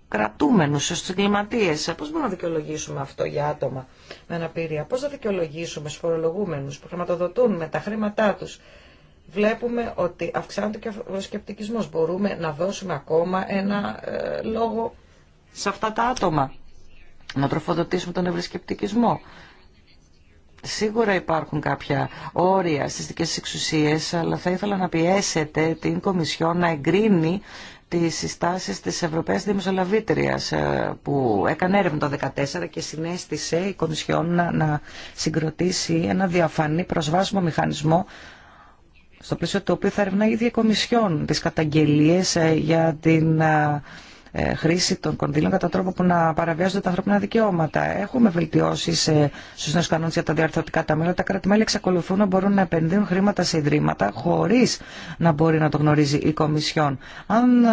κρατούμενους, στους εγκληματίες. Πώς μπορούμε να δικαιολογήσουμε αυτό για άτομα με αναπηρία. Πώς θα δικαιολογήσουμε στους φορολογούμενους που χρηματοδοτούν με τα χρήματά τους. Βλέπουμε ότι αυξάνεται και ο σκεπτικισμός. Μπορούμε να δώσουμε ακόμα ένα ε, λόγο σε αυτά τα άτομα. Να τροφοδοτήσουμε τον ευρωσκεπτικισμό. Σίγουρα υπάρχουν κάποια όρια στις δικές εξουσίες, αλλά θα ήθελα να πιέσετε την Κομισιό να εγκρίνει τις συστάσεις της Ευρωπαίας Δημοσιολαβήτριας ε, που έκανε έρευνα το 2014 και συνέστησε η Κομισιόν να, συγκροτήσει ένα διαφανή προσβάσιμο μηχανισμό στο πλαίσιο του οποίου θα ερευνά η ίδια η Κομισιόν τις καταγγελίες ε, για την ε, ε, χρήση των κονδύλων κατά τρόπο που να παραβιάζονται τα ανθρώπινα δικαιώματα. Έχουμε βελτιώσει στου νέου κανόνε για τα διαρθρωτικά ταμεία. Τα κράτη-μέλη εξακολουθούν να μπορούν να επενδύουν χρήματα σε ιδρύματα χωρί να μπορεί να το γνωρίζει η Κομισιόν. Αν ε,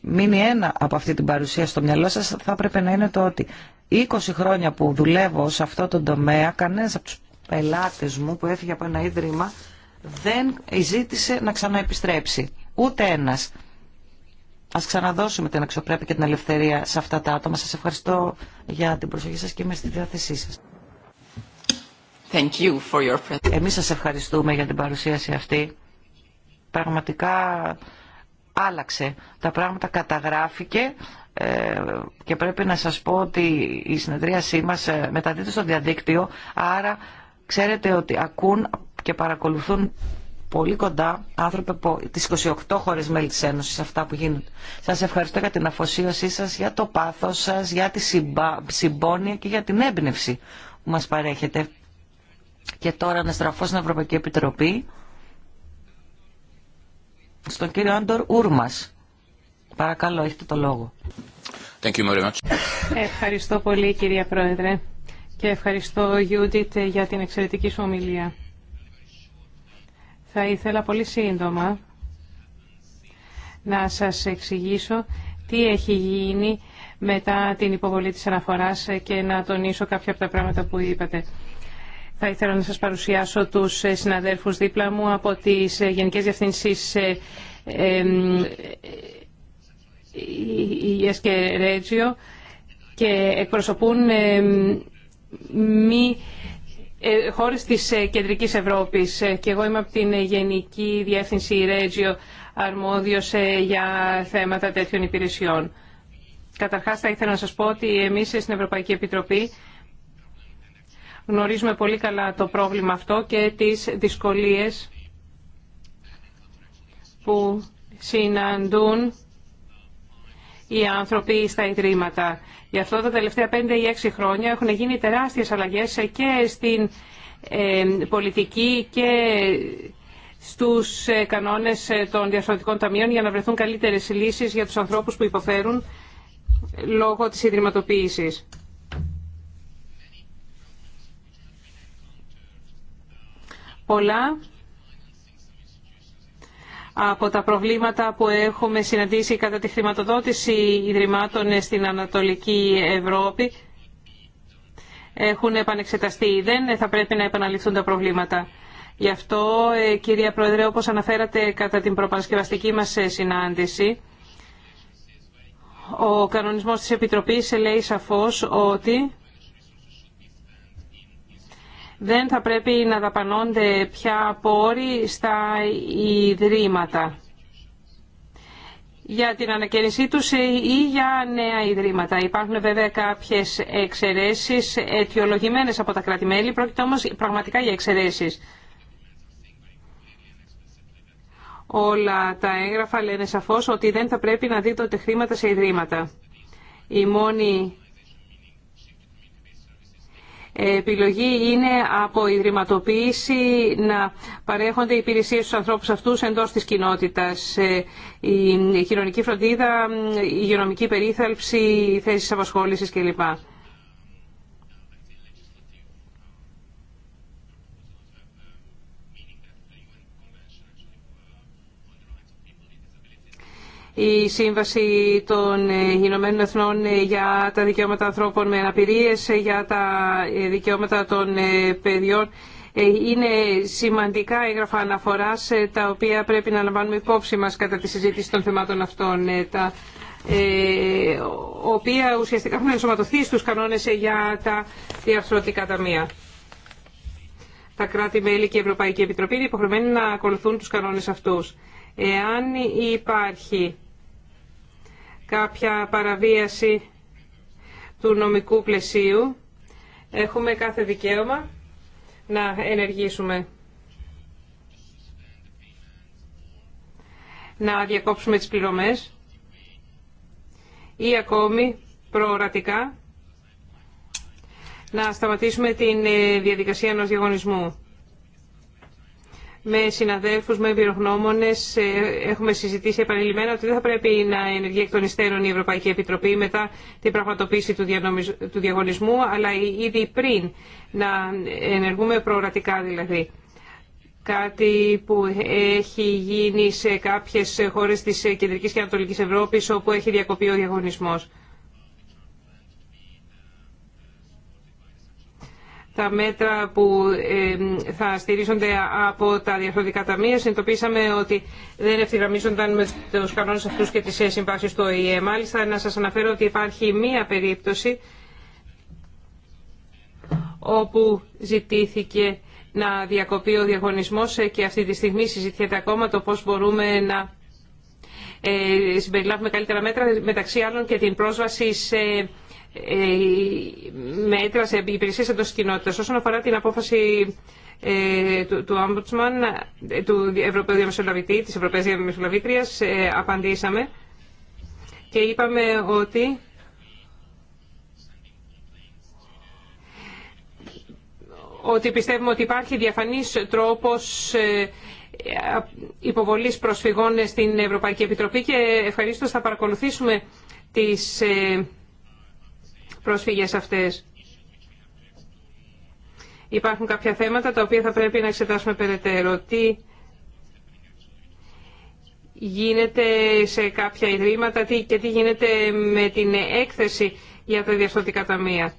μείνει ένα από αυτή την παρουσία στο μυαλό σα, θα έπρεπε να είναι το ότι 20 χρόνια που δουλεύω σε αυτό το τομέα κανένα από του πελάτε μου που έφυγε από ένα ίδρυμα δεν ζήτησε να ξαναεπιστρέψει. Ούτε ένας ας ξαναδώσουμε την αξιοπρέπεια και την ελευθερία σε αυτά τα άτομα. Σας ευχαριστώ για την προσοχή σας και είμαι στη διάθεσή σας. Thank you your Εμείς σας ευχαριστούμε για την παρουσίαση αυτή. Πραγματικά άλλαξε. Τα πράγματα καταγράφηκε ε, και πρέπει να σας πω ότι η συνεδρίασή μας ε, μεταδίδεται στο διαδίκτυο, άρα ξέρετε ότι ακούν και παρακολουθούν πολύ κοντά άνθρωποι από τις 28 χώρες μέλη της Ένωσης αυτά που γίνονται. Σας ευχαριστώ για την αφοσίωσή σας, για το πάθος σας, για τη συμπόνια και για την έμπνευση που μας παρέχετε. Και τώρα να στραφώ στην Ευρωπαϊκή Επιτροπή στον κύριο Άντορ Ούρμας. Παρακαλώ, έχετε το λόγο. Thank you very much. Ευχαριστώ πολύ κυρία Πρόεδρε και ευχαριστώ Γιούντιτ για την εξαιρετική σου ομιλία. Θα ήθελα πολύ σύντομα να σας εξηγήσω τι έχει γίνει μετά την υποβολή της αναφοράς και να τονίσω κάποια από τα πράγματα που είπατε. Θα ήθελα να σας παρουσιάσω τους συναδέλφους δίπλα μου από τις Γενικές Διευθυνσίες ε, Υγείας και Ρέτζιο και εκπροσωπούν μη ε, χώρες της ε, Κεντρικής Ευρώπης ε, και εγώ είμαι από την Γενική Διεύθυνση Regio αρμόδιος για θέματα τέτοιων υπηρεσιών. Καταρχάς θα ήθελα να σας πω ότι εμείς στην Ευρωπαϊκή Επιτροπή γνωρίζουμε πολύ καλά το πρόβλημα αυτό και τις δυσκολίες που συναντούν οι άνθρωποι στα ιδρύματα. Γι' αυτό τα τελευταία 5 ή 6 χρόνια έχουν γίνει τεράστιες αλλαγές και στην ε, πολιτική και στους ε, κανόνες ε, των διαστροφικών ταμείων για να βρεθούν καλύτερες λύσεις για τους ανθρώπους που υποφέρουν λόγω της ιδρυματοποίησης. Πολλά από τα προβλήματα που έχουμε συναντήσει κατά τη χρηματοδότηση ιδρυμάτων στην Ανατολική Ευρώπη έχουν επανεξεταστεί. Δεν θα πρέπει να επαναληφθούν τα προβλήματα. Γι' αυτό, ε, κυρία Πρόεδρε, όπως αναφέρατε κατά την προπαρασκευαστική μας ε, συνάντηση, ο κανονισμός της Επιτροπής λέει σαφώς ότι δεν θα πρέπει να δαπανώνται πια πόροι στα ιδρύματα για την ανακαίνισή τους ή για νέα ιδρύματα. Υπάρχουν βέβαια κάποιες εξαιρέσεις αιτιολογημένες από τα κράτη-μέλη, πρόκειται όμως πραγματικά για εξαιρέσεις. Όλα τα έγγραφα λένε σαφώς ότι δεν θα πρέπει να δίδονται χρήματα σε ιδρύματα. Η μόνη επιλογή είναι από ιδρυματοποίηση να παρέχονται υπηρεσίες στους ανθρώπους αυτούς εντός της κοινότητας. Ε, η κοινωνική φροντίδα, η υγειονομική περίθαλψη, θέσεις απασχόλησης κλπ. η Σύμβαση των Ηνωμένων Εθνών για τα Δικαιώματα Ανθρώπων με Αναπηρίες, για τα ε, δικαιώματα των ε, παιδιών. Ε, είναι σημαντικά έγγραφα αναφοράς τα οποία πρέπει να λαμβάνουμε υπόψη μας κατά τη συζήτηση των θεμάτων αυτών, τα οποία ουσιαστικά έχουν ενσωματωθεί στους κανόνες για τα διαρθρωτικά ταμεία. Τα κράτη-μέλη και η Ευρωπαϊκή Επιτροπή είναι υποχρεωμένοι να ακολουθούν τους κανόνες αυτούς. Εάν υπάρχει κάποια παραβίαση του νομικού πλαισίου, έχουμε κάθε δικαίωμα να ενεργήσουμε. Να διακόψουμε τις πληρωμές ή ακόμη προορατικά να σταματήσουμε την ε, διαδικασία ενός διαγωνισμού με συναδέλφους, με εμπειρογνώμονες. Ε, έχουμε συζητήσει επανειλημμένα ότι δεν θα πρέπει να ενεργεί εκ των υστέρων η Ευρωπαϊκή Επιτροπή μετά την πραγματοποίηση του διαγωνισμού, αλλά ήδη πριν να ενεργούμε προορατικά δηλαδή. Κάτι που έχει γίνει σε κάποιες χώρες της Κεντρικής και Ανατολικής Ευρώπης όπου έχει διακοπεί ο διαγωνισμός. τα μέτρα που θα στηρίζονται από τα διαφορετικά ταμεία. Συνειδητοποίησαμε ότι δεν ευθυγραμμίζονταν με τους κανόνες αυτούς και τι συμβάσει του ΟΗΕ. Μάλιστα, να σα αναφέρω ότι υπάρχει μία περίπτωση όπου ζητήθηκε να διακοπεί ο διαγωνισμός και αυτή τη στιγμή συζητιέται ακόμα το πώς μπορούμε να ε, συμπεριλάβουμε καλύτερα μέτρα μεταξύ άλλων και την πρόσβαση σε ε, μέτρα σε υπηρεσίες εντός κοινότητας. Όσον αφορά την απόφαση ε, του, του Ombudsman, ε, του Ευρωπαίου Διαμεσολαβητή, της Διαμεσολαβήτριας, απαντήσαμε και είπαμε ότι ότι πιστεύουμε ότι υπάρχει διαφανής τρόπος υποβολής προσφυγών στην Ευρωπαϊκή Επιτροπή και ευχαρίστως θα παρακολουθήσουμε τις πρόσφυγες αυτές. Υπάρχουν κάποια θέματα τα οποία θα πρέπει να εξετάσουμε περαιτέρω. Τι γίνεται σε κάποια ιδρύματα και τι γίνεται με την έκθεση για τα διαφθορτικά ταμεία.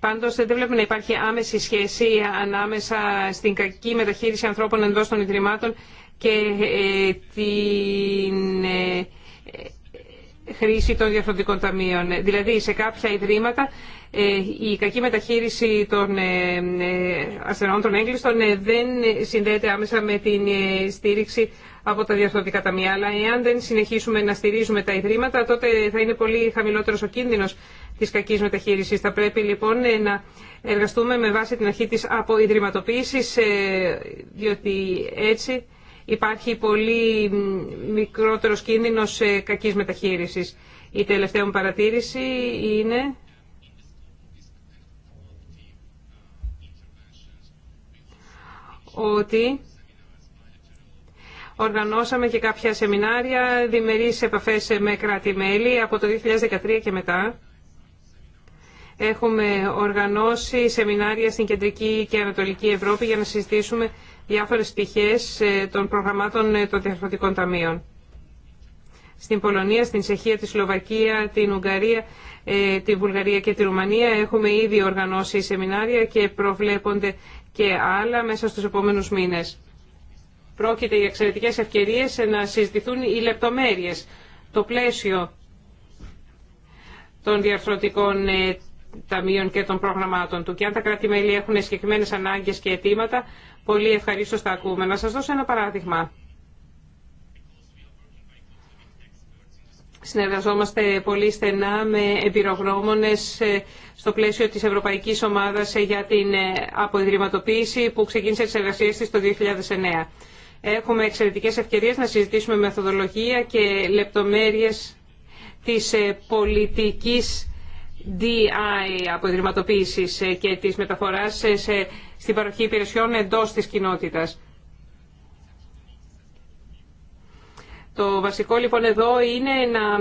Πάντως δεν βλέπουμε να υπάρχει άμεση σχέση ανάμεσα στην κακή μεταχείριση ανθρώπων εντός των ιδρυμάτων και ε, την ε, χρήση των διαφορετικών ταμείων. Ε, δηλαδή σε κάποια ιδρύματα ε, η κακή μεταχείριση των ε, ασθενών των έγκλειστων δεν συνδέεται άμεσα με την στήριξη από τα διαφορετικά ταμεία. Αλλά εάν δεν συνεχίσουμε να στηρίζουμε τα ιδρύματα τότε θα είναι πολύ χαμηλότερο ο κίνδυνο τη κακή μεταχείρισης. Θα πρέπει λοιπόν να εργαστούμε με βάση την αρχή της αποϊδρυματοποίηση, διότι έτσι υπάρχει πολύ μικρότερος κίνδυνος ε, κακής μεταχείρισης. Η τελευταία μου παρατήρηση είναι ότι οργανώσαμε και κάποια σεμινάρια, διμερείς επαφές με κράτη-μέλη από το 2013 και μετά. Έχουμε οργανώσει σεμινάρια στην Κεντρική και Ανατολική Ευρώπη για να συζητήσουμε διάφορε πτυχές ε, των προγραμμάτων ε, των διαφορετικών ταμείων. Στην Πολωνία, στην Σεχία, τη Σλοβακία, την Ουγγαρία, ε, τη Βουλγαρία και τη Ρουμανία έχουμε ήδη οργανώσει σεμινάρια και προβλέπονται και άλλα μέσα στους επόμενους μήνες. Πρόκειται για εξαιρετικέ ευκαιρίες να συζητηθούν οι λεπτομέρειες, το πλαίσιο των διαρθρωτικών ταμείων και των προγραμμάτων του. Και αν τα κράτη-μέλη έχουν συγκεκριμένε ανάγκες και αιτήματα, πολύ ευχαρίστω τα ακούμε. Να σας δώσω ένα παράδειγμα. Συνεργαζόμαστε πολύ στενά με εμπειρογνώμονες ε, στο πλαίσιο της Ευρωπαϊκής Ομάδας ε, για την ε, αποϊδρυματοποίηση που ξεκίνησε τις εργασίες της το 2009. Έχουμε εξαιρετικές ευκαιρίες να συζητήσουμε μεθοδολογία και λεπτομέρειες της πολιτικής DI ιδρυματοποίηση ε, και της μεταφοράς ε, στην παροχή υπηρεσιών εντός της κοινότητας. Το βασικό λοιπόν εδώ είναι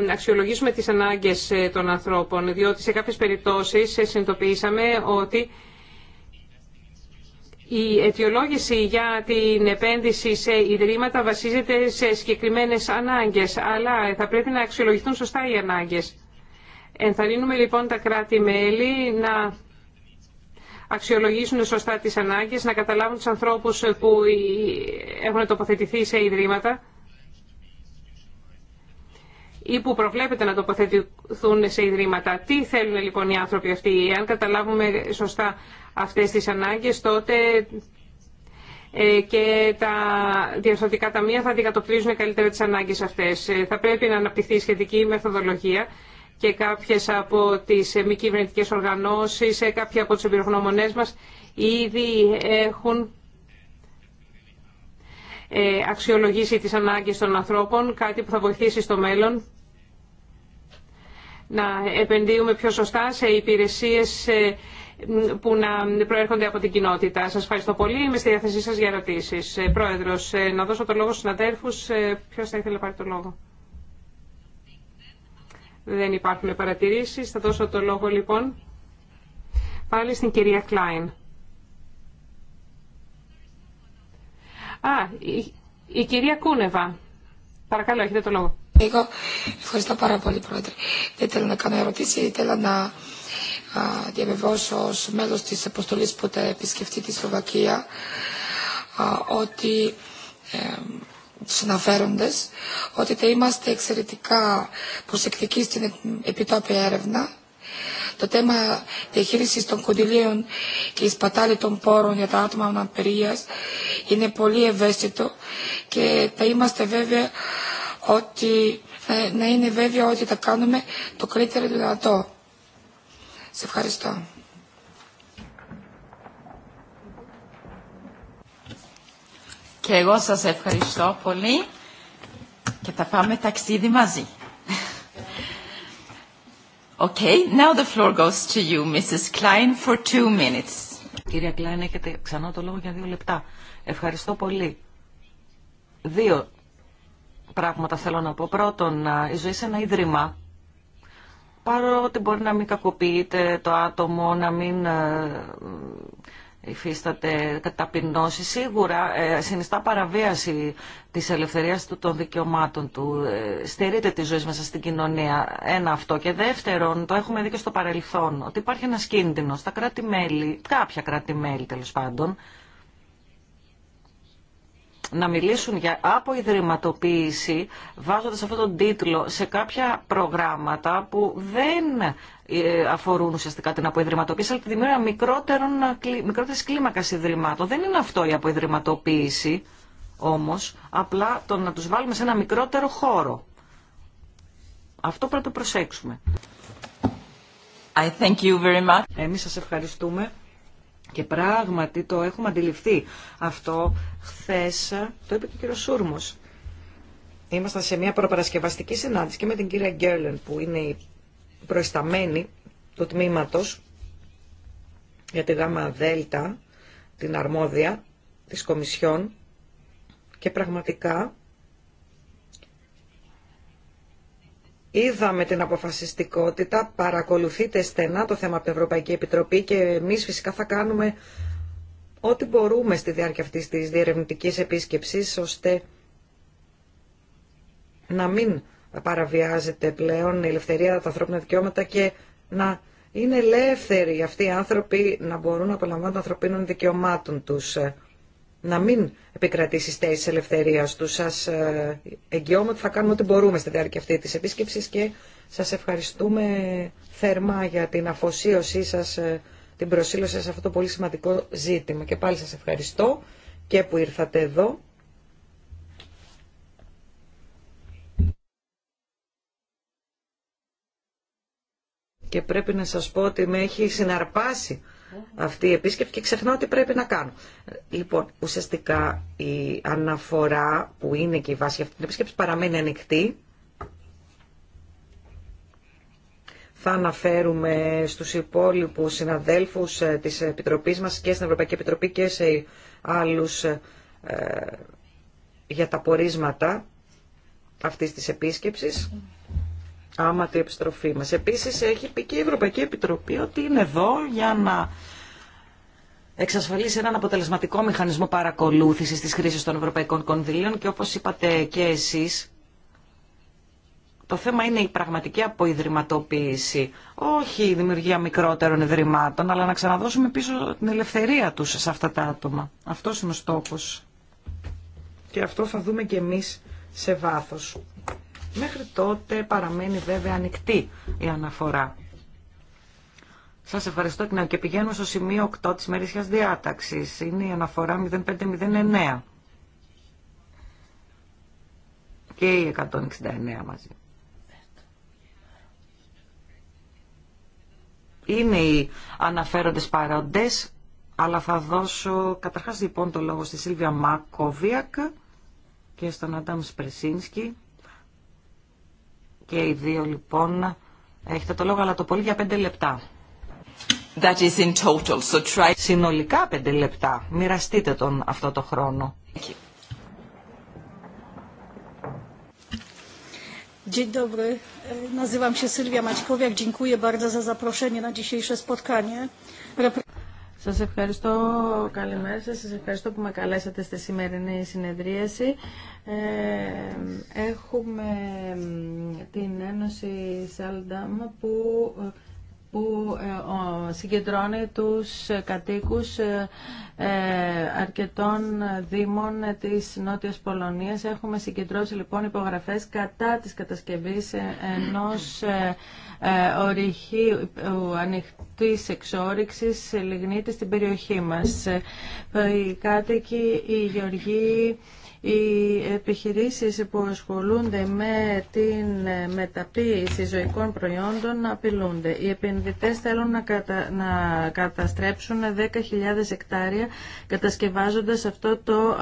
να αξιολογήσουμε τις ανάγκες ε, των ανθρώπων, διότι σε κάποιες περιπτώσεις συνειδητοποιήσαμε ότι η αιτιολόγηση για την επένδυση σε ιδρύματα βασίζεται σε συγκεκριμένες ανάγκες, αλλά θα πρέπει να αξιολογηθούν σωστά οι ανάγκες. Ενθαρρύνουμε λοιπόν τα κράτη-μέλη να αξιολογήσουν σωστά τις ανάγκες, να καταλάβουν τους ανθρώπους που έχουν τοποθετηθεί σε ιδρύματα ή που προβλέπεται να τοποθετηθούν σε ιδρύματα. Τι θέλουν λοιπόν οι άνθρωποι αυτοί. Αν καταλάβουμε σωστά αυτές τις ανάγκες, τότε ε, και τα διαστατικά ταμεία θα αντικατοπτρίζουν καλύτερα τις ανάγκες αυτές. Ε, θα πρέπει να αναπτυχθεί η σχετική μεθοδολογία και κάποιες από τις μη κυβερνητικέ οργανώσεις, ε, κάποιοι από τους εμπειρογνωμονές μας ήδη έχουν ε, αξιολογήσει τις ανάγκες των ανθρώπων, κάτι που θα βοηθήσει στο μέλλον να επενδύουμε πιο σωστά σε υπηρεσίες ε, που να προέρχονται από την κοινότητα. Σας ευχαριστώ πολύ. Είμαι στη διάθεσή σας για ερωτήσεις. Πρόεδρος, να δώσω το λόγο στους συναδέρφους. Ποιος θα ήθελε να πάρει το λόγο. Δεν υπάρχουν παρατηρήσεις. Θα δώσω το λόγο λοιπόν πάλι στην κυρία Κλάιν. Α, η, κυρία Κούνεβα. Παρακαλώ, έχετε το λόγο. Εγώ ευχαριστώ πάρα πολύ, Πρόεδρε. Δεν ήθελα να κάνω ερωτήσει, ήθελα να διαβεβαιώσω ως μέλος της αποστολής που θα επισκεφτεί τη Σλοβακία ότι συναφέροντες ότι θα είμαστε εξαιρετικά προσεκτικοί στην επιτόπια έρευνα. Το θέμα διαχείρισης των κοντιλίων και η σπατάλη των πόρων για τα άτομα αναπηρίας είναι πολύ ευαίσθητο και θα είμαστε βέβαια ότι ε, να είναι βέβαια ότι θα κάνουμε το καλύτερο δυνατό. Σε ευχαριστώ. Και εγώ σας ευχαριστώ πολύ και θα πάμε ταξίδι μαζί. Okay, now the floor goes to you, Mrs. Klein, for two minutes. Κυρία Κλάιν, έχετε ξανά το λόγο για δύο λεπτά. Ευχαριστώ πολύ. Δύο πράγματα θέλω να πω. Πρώτον, η ζωή σε ένα ίδρυμα παρότι μπορεί να μην κακοποιείται το άτομο, να μην ε, υφίσταται καταπεινώσει. Σίγουρα ε, συνιστά παραβίαση της ελευθερίας του των δικαιωμάτων του. Ε, στερείται τη ζωή μέσα στην κοινωνία. Ένα αυτό. Και δεύτερον, το έχουμε δει και στο παρελθόν, ότι υπάρχει ένας κίνδυνος. Τα κράτη-μέλη, κάποια κράτη-μέλη τέλος πάντων, να μιλήσουν για αποϊδρυματοποίηση βάζοντας αυτόν τον τίτλο σε κάποια προγράμματα που δεν ε, αφορούν ουσιαστικά την αποϊδρυματοποίηση αλλά τη δημιουργία μικρότερης κλίμακας ιδρυμάτων. Δεν είναι αυτό η αποϊδρυματοποίηση όμως, απλά το να τους βάλουμε σε ένα μικρότερο χώρο. Αυτό πρέπει να το προσέξουμε. I thank you very much. Εμείς σας ευχαριστούμε. Και πράγματι το έχουμε αντιληφθεί αυτό χθε, το είπε και ο κύριο Σούρμο. Ήμασταν σε μια προπαρασκευαστική συνάντηση και με την κυρία Γκέρλεν που είναι η προϊσταμένη του τμήματο για τη γάμα δέλτα, την αρμόδια της Κομισιόν και πραγματικά Είδαμε την αποφασιστικότητα, παρακολουθείτε στενά το θέμα από την Ευρωπαϊκή Επιτροπή και εμείς φυσικά θα κάνουμε ό,τι μπορούμε στη διάρκεια αυτής της διερευνητικής επίσκεψης ώστε να μην παραβιάζεται πλέον η ελευθερία, τα ανθρώπινα δικαιώματα και να είναι ελεύθεροι αυτοί οι άνθρωποι να μπορούν να απολαμβάνουν των ανθρωπίνων δικαιωμάτων τους να μην επικρατήσει στέση ελευθερία του. Σα ε, εγγυώμαι ότι θα κάνουμε ό,τι μπορούμε στη διάρκεια αυτή τη επίσκεψη και σα ευχαριστούμε θερμά για την αφοσίωσή σα, ε, την προσήλωσή σε αυτό το πολύ σημαντικό ζήτημα. Και πάλι σα ευχαριστώ και που ήρθατε εδώ. Και πρέπει να σας πω ότι με έχει συναρπάσει αυτή η επίσκεψη και ξεχνάω τι πρέπει να κάνω. Λοιπόν, ουσιαστικά η αναφορά που είναι και η βάση αυτή την επίσκεψη παραμένει ανοιχτή. Θα αναφέρουμε στους υπόλοιπους συναδέλφους ε, της Επιτροπής μας και στην Ευρωπαϊκή Επιτροπή και σε άλλους ε, για τα πορίσματα αυτής της επίσκεψης. Άμα τη επιστροφή μας. Επίσης έχει πει και η Ευρωπαϊκή Επιτροπή ότι είναι εδώ για να εξασφαλίσει έναν αποτελεσματικό μηχανισμό παρακολούθησης της χρήσης των ευρωπαϊκών κονδυλίων και όπως είπατε και εσείς, το θέμα είναι η πραγματική αποϊδρυματοποίηση, όχι η δημιουργία μικρότερων ιδρυμάτων, αλλά να ξαναδώσουμε πίσω την ελευθερία τους σε αυτά τα άτομα. Αυτός είναι ο στόχος. Και αυτό θα δούμε και εμείς σε βάθος. Μέχρι τότε παραμένει βέβαια ανοιχτή η αναφορά. Σας ευχαριστώ και πηγαίνω στο σημείο 8 της μερίσιας διάταξης. Είναι η αναφορά 0509 και η 169 μαζί. Είναι οι αναφέροντες παρόντες, αλλά θα δώσω καταρχάς λοιπόν το λόγο στη Σίλβια Μακοβίακ και στον Αντάμ Σπρεσίνσκι και οι δύο λοιπόν έχετε το λόγο αλλά το πολύ για πέντε λεπτά. That is in total, so try... Συνολικά πέντε λεπτά. Μοιραστείτε τον αυτό το χρόνο. Dzień dobry, nazywam się Sylwia Maćkowiak. Dziękuję bardzo za zaproszenie na dzisiejsze spotkanie. Σας ευχαριστώ, καλημέρα σας. Σας ευχαριστώ που με καλέσατε στη σημερινή συνεδρίαση. Ε, έχουμε την Ένωση Σάλνταμ που που ε, συγκεντρώνει τους κατοίκους ε, αρκετών δήμων της Νότιας Πολωνίας. Έχουμε συγκεντρώσει λοιπόν υπογραφές κατά της κατασκευής ενός ε, ορυχή ανοιχτή εξόριξης λιγνίτη στην περιοχή μας. Ε, οι κάτοικοι, οι γεωργοί, οι επιχειρήσεις που ασχολούνται με την μεταποίηση ζωικών προϊόντων απειλούνται. Οι επενδυτές θέλουν να, να καταστρέψουν 10.000 εκτάρια κατασκευάζοντας αυτό το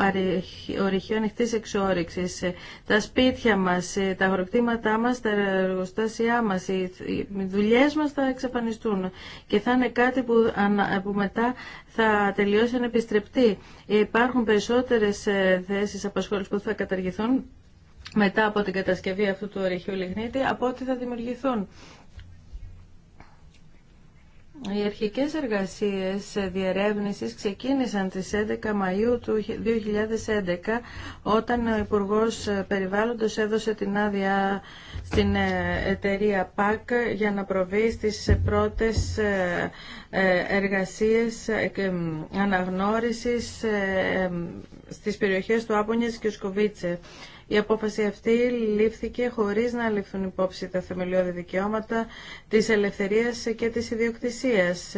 ορυχείο ανοιχτή εξόρυξης. Τα σπίτια μας, τα αγροκτήματά μας, τα εργοστάσια μας, οι δουλειές μας θα εξαφανιστούν και θα είναι κάτι που, που μετά θα τελειώσει επιστρεπτεί. Υπάρχουν περισσότερες ε, θέσεις απασχόλησης που θα καταργηθούν μετά από την κατασκευή αυτού του ορυχείου λιγνίτη από ό,τι θα δημιουργηθούν. Οι αρχικές εργασίες διερεύνησης ξεκίνησαν τις 11 Μαΐου του 2011 όταν ο Υπουργός Περιβάλλοντος έδωσε την άδεια στην ε, εταιρεία ΠΑΚ για να προβεί στις πρώτες ε, ε, εργασίες αναγνώρισης στις περιοχές του Άπονιας και Σκοβίτσε. Η απόφαση αυτή λήφθηκε χωρίς να ληφθούν υπόψη τα θεμελιώδη δικαιώματα της ελευθερίας και της ιδιοκτησίας.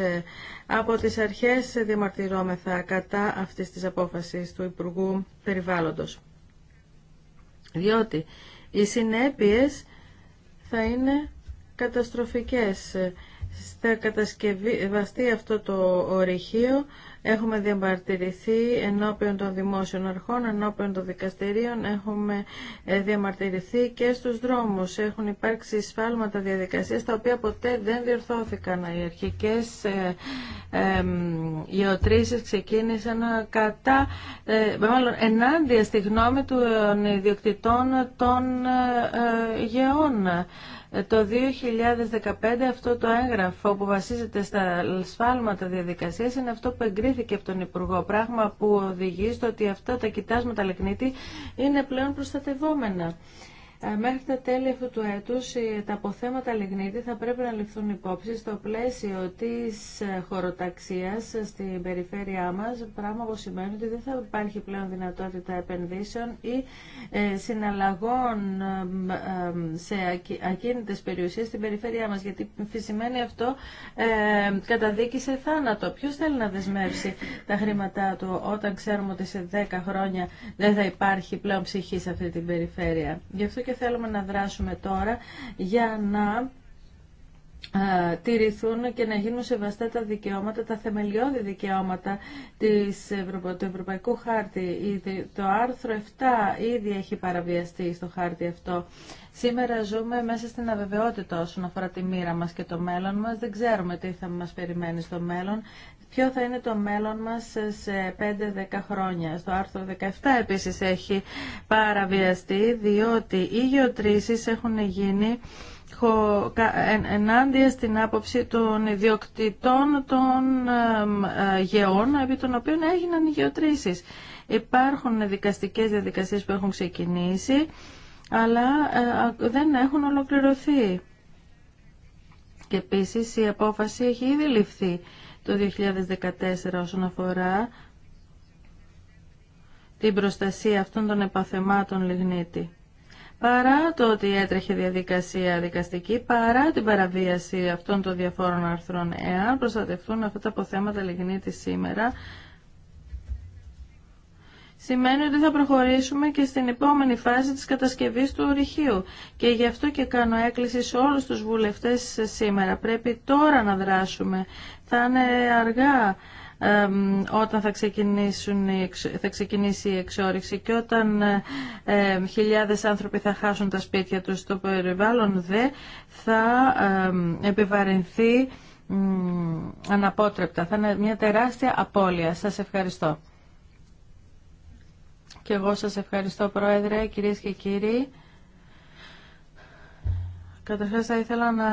Από τις αρχές διαμαρτυρόμεθα κατά αυτής της απόφασης του Υπουργού Περιβάλλοντος. Διότι οι συνέπειες θα είναι καταστροφικές. Θα κατασκευαστεί αυτό το ορυχείο Έχουμε διαμαρτυρηθεί ενώπιον των δημόσιων αρχών, ενώπιον των δικαστηρίων, έχουμε ε, διαμαρτυρηθεί και στους δρόμους. Έχουν υπάρξει σφάλματα διαδικασίες τα οποία ποτέ δεν διορθώθηκαν. Οι αρχικές ε, γεωτρήσεις ξεκίνησαν κατά, ε, μάλλον ενάντια στη γνώμη των ιδιοκτητών των ε, ε, γεών. Ε, το 2015 αυτό το έγγραφο που βασίζεται στα σφάλματα διαδικασίας είναι αυτό που εγκρίθηκε από τον Υπουργό, πράγμα που οδηγεί στο ότι αυτά τα κοιτάσματα λεκνίτη είναι πλέον προστατευόμενα. Ε, μέχρι τα τέλη αυτού του έτους ε, τα αποθέματα λιγνίτη θα πρέπει να ληφθούν υπόψη στο πλαίσιο της ε, χωροταξίας στην περιφέρειά μας, πράγμα που σημαίνει ότι δεν θα υπάρχει πλέον δυνατότητα επενδύσεων ή συναλλαγών σε ακίνητες περιουσίες στην περιφέρειά μας, γιατί φυσιμένει αυτό καταδίκη σε θάνατο. Ποιος θέλει να δεσμεύσει τα χρήματά του όταν ξέρουμε ότι σε 10 χρόνια δεν θα υπάρχει πλέον ψυχή σε αυτή την περιφέρεια και θέλουμε να δράσουμε τώρα για να ε, τηρηθούν και να γίνουν σεβαστά τα δικαιώματα, τα θεμελιώδη δικαιώματα της του Ευρωπαϊκού Χάρτη. Το άρθρο 7 ήδη έχει παραβιαστεί στο χάρτη αυτό. Σήμερα ζούμε μέσα στην αβεβαιότητα όσον αφορά τη μοίρα μας και το μέλλον μας. Δεν ξέρουμε τι θα μας περιμένει στο μέλλον ποιο θα είναι το μέλλον μας σε 5-10 χρόνια. Στο άρθρο 17 επίσης έχει παραβιαστεί διότι οι γεωτρήσεις έχουν γίνει ενάντια στην άποψη των ιδιοκτητών των ε, γεών επί των οποίων έγιναν οι γεωτρήσεις. Υπάρχουν δικαστικές διαδικασίες που έχουν ξεκινήσει αλλά ε, δεν έχουν ολοκληρωθεί. Και επίσης η απόφαση έχει ήδη ληφθεί το 2014 όσον αφορά την προστασία αυτών των επαθεμάτων λιγνίτη. Παρά το ότι έτρεχε διαδικασία δικαστική, παρά την παραβίαση αυτών των διαφόρων αρθρων, εάν προστατευτούν αυτά τα αποθέματα λιγνίτη σήμερα, σημαίνει ότι θα προχωρήσουμε και στην επόμενη φάση της κατασκευής του ορυχείου. Και γι' αυτό και κάνω έκκληση σε όλους τους βουλευτές σήμερα. Πρέπει τώρα να δράσουμε. Θα είναι αργά όταν θα, ξεκινήσουν, θα ξεκινήσει η εξόριξη και όταν ε, χιλιάδες άνθρωποι θα χάσουν τα σπίτια τους στο περιβάλλον δε θα ε, επιβαρυνθεί αναπότρεπτα. Θα είναι μια τεράστια απώλεια. Σας ευχαριστώ. Και εγώ σας ευχαριστώ Πρόεδρε, κυρίες και κύριοι. Καταρχάς θα ήθελα να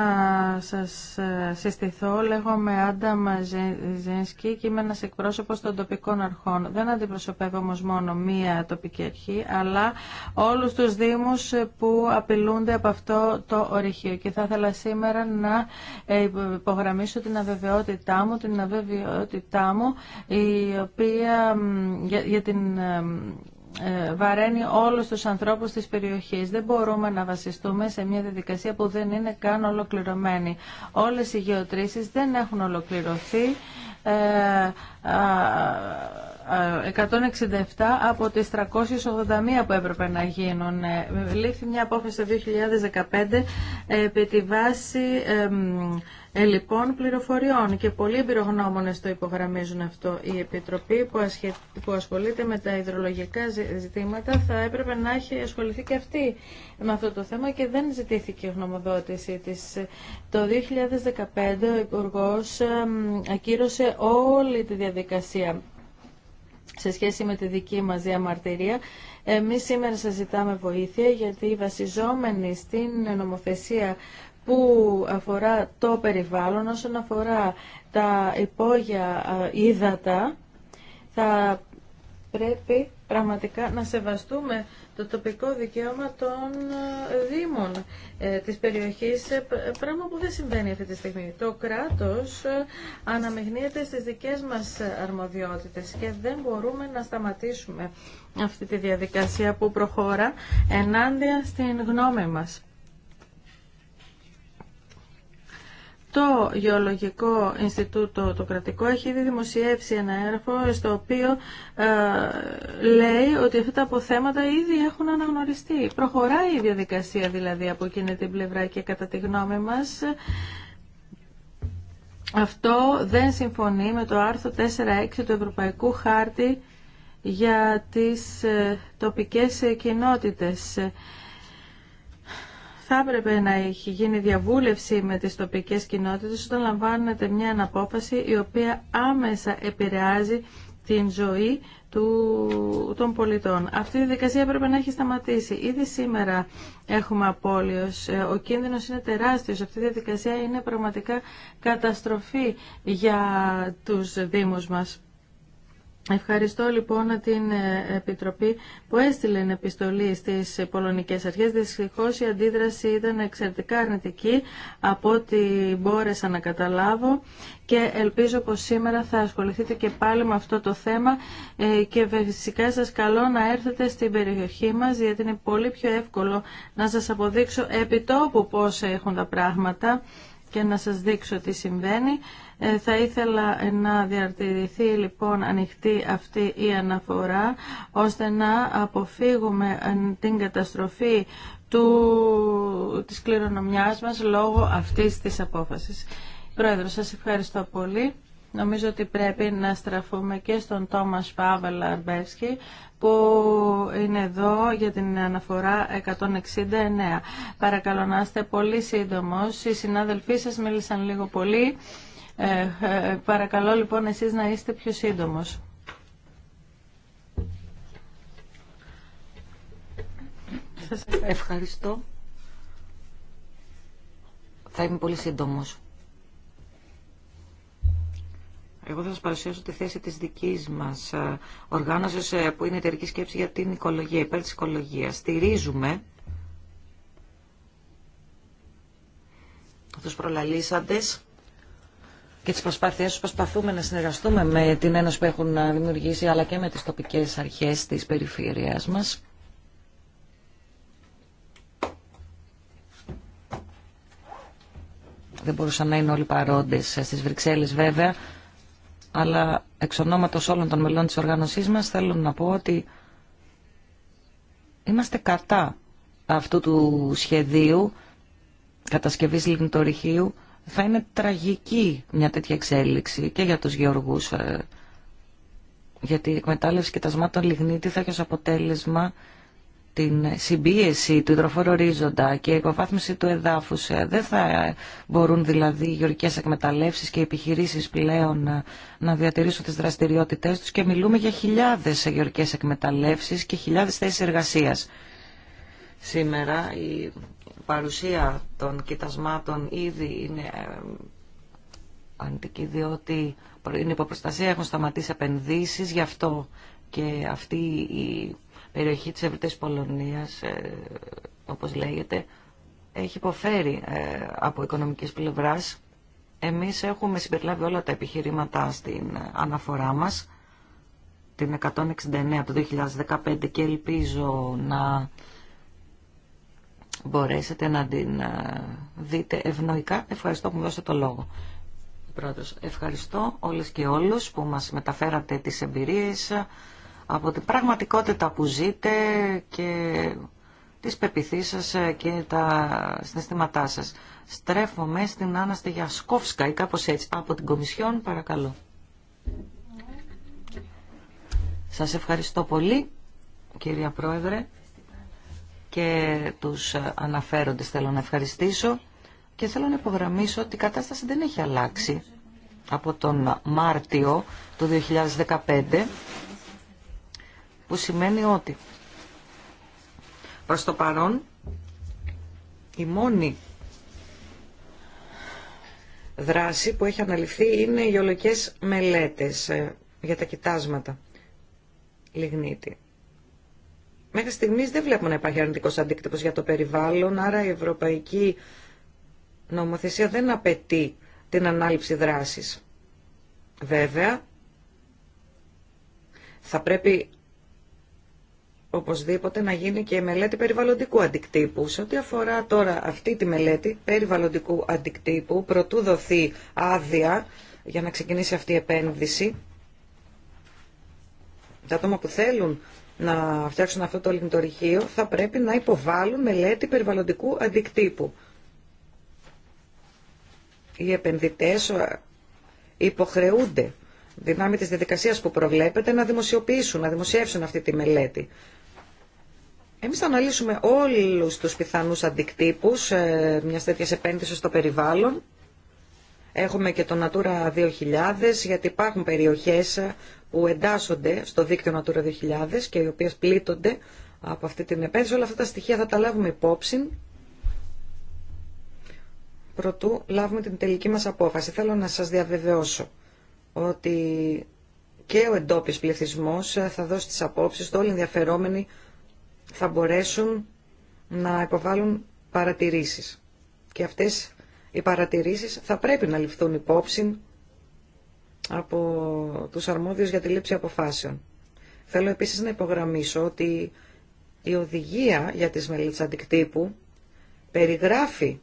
σας ε, συστηθώ. Λέγομαι Άντα Μαζένσκι και είμαι ένας εκπρόσωπος των τοπικών αρχών. Δεν αντιπροσωπεύω όμως μόνο μία τοπική αρχή, αλλά όλους τους Δήμους που απειλούνται από αυτό το ορυχείο. Και θα ήθελα σήμερα να ε, υπογραμμίσω την αβεβαιότητά μου, την αβεβαιότητά μου η οποία, για, για την ε, ε, βαραίνει όλους τους ανθρώπους της περιοχής. Δεν μπορούμε να βασιστούμε σε μια διαδικασία που δεν είναι καν ολοκληρωμένη. Όλες οι γεωτρήσεις δεν έχουν ολοκληρωθεί. Ε, 167 από τις 381 που έπρεπε να γίνουν. Ε, λήφθη μια απόφαση το 2015 επί τη βάση πληροφοριών και πολλοί εμπειρογνώμονε το υπογραμμίζουν αυτό. Η Επιτροπή που, ασχολείται με τα υδρολογικά ζητήματα θα έπρεπε να έχει ασχοληθεί και αυτή με αυτό το θέμα και δεν ζητήθηκε η γνωμοδότησή της. Το 2015 ο Υπουργό ακύρωσε όλη τη διαδικασία διαδικασία σε σχέση με τη δική μας διαμαρτυρία. Εμείς σήμερα σας ζητάμε βοήθεια γιατί βασιζόμενοι στην νομοθεσία που αφορά το περιβάλλον, όσον αφορά τα υπόγεια ύδατα, θα πρέπει πραγματικά να σεβαστούμε το τοπικό δικαίωμα των ε, δήμων ε, της περιοχής, ε, πράγμα που δεν συμβαίνει αυτή τη στιγμή. Το κράτος αναμειγνύεται στις δικές μας αρμοδιότητες και δεν μπορούμε να σταματήσουμε αυτή τη διαδικασία που προχώρα ενάντια στην γνώμη μας. το Γεωλογικό Ινστιτούτο το κρατικό έχει ήδη δημοσιεύσει ένα έργο στο οποίο ε, λέει ότι αυτά τα αποθέματα ήδη έχουν αναγνωριστεί. Προχωράει η διαδικασία δηλαδή από εκείνη την πλευρά και κατά τη γνώμη μας αυτό δεν συμφωνεί με το άρθρο 4.6 του Ευρωπαϊκού Χάρτη για τις ε, τοπικές ε, κοινότητες θα έπρεπε να έχει γίνει διαβούλευση με τις τοπικές κοινότητες όταν λαμβάνεται μια αναπόφαση η οποία άμεσα επηρεάζει την ζωή του, των πολιτών. Αυτή η διαδικασία έπρεπε να έχει σταματήσει. Ήδη σήμερα έχουμε απόλυος. Ε, ο κίνδυνος είναι τεράστιος. Αυτή η διαδικασία είναι πραγματικά καταστροφή για τους Δήμους μας. Ευχαριστώ λοιπόν την ε, Επιτροπή που έστειλε την επιστολή στις πολωνικές αρχές. Δυστυχώς η αντίδραση ήταν εξαιρετικά αρνητική από ό,τι μπόρεσα να καταλάβω και ελπίζω πως σήμερα θα ασχοληθείτε και πάλι με αυτό το θέμα ε, και φυσικά σας καλώ να έρθετε στην περιοχή μας γιατί είναι πολύ πιο εύκολο να σας αποδείξω επί τόπου πώς έχουν τα πράγματα και να σας δείξω τι συμβαίνει. Ε, θα ήθελα ε, να διαρτηρηθεί λοιπόν ανοιχτή αυτή η αναφορά ώστε να αποφύγουμε ε, την καταστροφή του, της κληρονομιάς μας λόγω αυτής της απόφασης. Πρόεδρο, σας ευχαριστώ πολύ. Νομίζω ότι πρέπει να στραφούμε και στον Τόμας Πάβελ Αρμπεύσκη που είναι εδώ για την αναφορά 169. Παρακαλώ να είστε πολύ σύντομος. Οι συνάδελφοί σας μίλησαν λίγο πολύ. Ε, ε, παρακαλώ λοιπόν εσείς να είστε πιο σύντομος. Σας ευχαριστώ. Θα είμαι πολύ σύντομος. Εγώ θα σας παρουσιάσω τη θέση της δικής μας ε, οργάνωσης που είναι η εταιρική σκέψη για την οικολογία, υπέρ της οικολογίας. Στηρίζουμε τους προλαλήσαντες και τις προσπάθειές τους προσπαθούμε να συνεργαστούμε με την Ένωση που έχουν δημιουργήσει αλλά και με τις τοπικές αρχές της περιφέρειας μας. Δεν μπορούσαν να είναι όλοι παρόντες στις Βρυξέλλες βέβαια, αλλά εξ ονόματος όλων των μελών της οργάνωσής μας θέλω να πω ότι είμαστε κατά αυτού του σχεδίου κατασκευής λιγνητορυχείου θα είναι τραγική μια τέτοια εξέλιξη και για τους γεωργούς, ε, γιατί η εκμετάλλευση σμάτων λιγνίτη θα έχει ως αποτέλεσμα την συμπίεση του υδροφόρου ορίζοντα και η υποβάθμιση του εδάφους. Ε, δεν θα μπορούν δηλαδή οι γεωργικές εκμεταλλεύσεις και οι επιχειρήσεις πλέον ε, να διατηρήσουν τις δραστηριότητές τους και μιλούμε για χιλιάδες γεωργικές εκμεταλλεύσεις και χιλιάδες θέσεις εργασίας. Σήμερα η παρουσία των κοιτασμάτων ήδη είναι ε, αντική διότι είναι υποπροστασία, έχουν σταματήσει επενδύσεις, γι' αυτό και αυτή η περιοχή της Ευρωτής Πολωνίας, ε, όπως λέγεται, έχει υποφέρει ε, από οικονομικής πλευράς. Εμείς έχουμε συμπεριλάβει όλα τα επιχειρήματα στην αναφορά μας, την 169 από το 2015 και ελπίζω να μπορέσετε να την δείτε ευνοϊκά. Ευχαριστώ που μου δώσετε το λόγο. Πρώτος, ευχαριστώ όλες και όλους που μας μεταφέρατε τις εμπειρίες από την πραγματικότητα που ζείτε και τις πεπιθήσεις σας και τα συναισθήματά σας. Στρέφομαι στην Άννα Στεγιασκόφσκα ή κάπως έτσι από την Κομισιόν, παρακαλώ. Σας ευχαριστώ πολύ, κυρία Πρόεδρε και τους ε, αναφέροντες θέλω να ευχαριστήσω και θέλω να υπογραμμίσω ότι η κατάσταση δεν έχει αλλάξει από τον Μάρτιο του 2015 που σημαίνει ότι προς το παρόν η μόνη δράση που έχει αναλυφθεί είναι οι γεωλογικές μελέτες ε, για τα κοιτάσματα λιγνίτη. Μέχρι στιγμής δεν βλέπουμε να υπάρχει αρνητικό αντίκτυπο για το περιβάλλον, άρα η ευρωπαϊκή νομοθεσία δεν απαιτεί την ανάληψη δράση. Βέβαια, θα πρέπει οπωσδήποτε να γίνει και μελέτη περιβαλλοντικού αντικτύπου. Σε ό,τι αφορά τώρα αυτή τη μελέτη περιβαλλοντικού αντικτύπου, προτού δοθεί άδεια για να ξεκινήσει αυτή η επένδυση, τα άτομα που θέλουν να φτιάξουν αυτό το λιγνητορυχείο θα πρέπει να υποβάλουν μελέτη περιβαλλοντικού αντικτύπου. Οι επενδυτές υποχρεούνται δυνάμει της διαδικασίας που προβλέπεται να δημοσιοποιήσουν, να δημοσιεύσουν αυτή τη μελέτη. Εμείς θα αναλύσουμε όλους τους πιθανούς αντικτύπους Μια ε, μιας τέτοιας επένδυσης στο περιβάλλον. Έχουμε και το Natura 2000 γιατί υπάρχουν περιοχές που εντάσσονται στο δίκτυο Natura 2000 και οι οποίες πλήττονται από αυτή την επένδυση. Όλα αυτά τα στοιχεία θα τα λάβουμε υπόψη προτού λάβουμε την τελική μας απόφαση. Θέλω να σας διαβεβαιώσω ότι και ο εντόπιος πληθυσμός θα δώσει τις απόψεις, όλοι οι ενδιαφερόμενοι θα μπορέσουν να υποβάλουν παρατηρήσεις. Και αυτές οι παρατηρήσεις θα πρέπει να ληφθούν υπόψη από τους αρμόδιους για τη λήψη αποφάσεων. Θέλω επίσης να υπογραμμίσω ότι η οδηγία για τις μελέτες αντικτύπου περιγράφει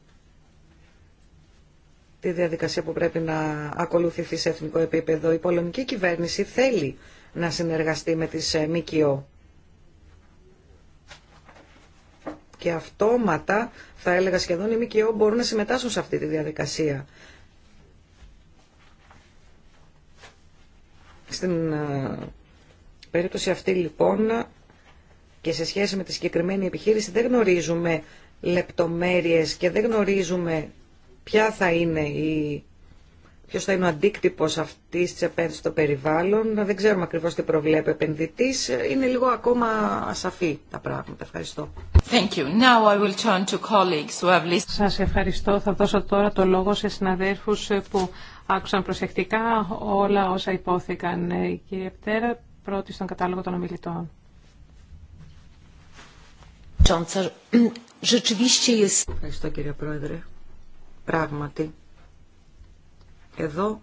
τη διαδικασία που πρέπει να ακολουθηθεί σε εθνικό επίπεδο. Η πολωνική κυβέρνηση θέλει να συνεργαστεί με τις ε, ΜΚΟ. Και αυτόματα, θα έλεγα σχεδόν, οι ΜΚΟ μπορούν να συμμετάσχουν σε αυτή τη διαδικασία. Στην ε, περίπτωση αυτή λοιπόν και σε σχέση με τη συγκεκριμένη επιχείρηση δεν γνωρίζουμε λεπτομέρειες και δεν γνωρίζουμε ποια θα είναι η Ποιο θα είναι ο αντίκτυπο αυτή τη επένδυση στο περιβάλλον, δεν ξέρουμε ακριβώ τι προβλέπει ο επενδυτή. Είναι λίγο ακόμα ασαφή τα πράγματα. Ευχαριστώ. Σα ευχαριστώ. Θα δώσω τώρα το λόγο σε συναδέρφους που άκουσαν προσεκτικά όλα όσα υπόθηκαν. Ε, κύριε Πτέρα, πρώτη στον κατάλογο των ομιλητών. Ευχαριστώ κύριε Πρόεδρε. Πράγματι, εδώ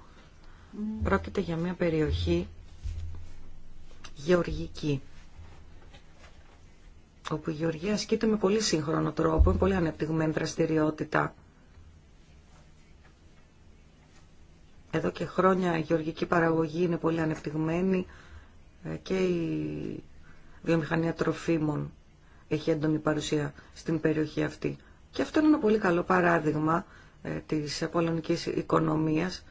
πρόκειται για μια περιοχή γεωργική όπου η γεωργία ασκείται με πολύ σύγχρονο τρόπο, με πολύ ανεπτυγμένη δραστηριότητα. Εδώ και χρόνια η γεωργική παραγωγή είναι πολύ ανεπτυγμένη ε, και η βιομηχανία τροφίμων έχει έντονη παρουσία στην περιοχή αυτή. Και αυτό είναι ένα πολύ καλό παράδειγμα ε, της πολωνικής οικονομίας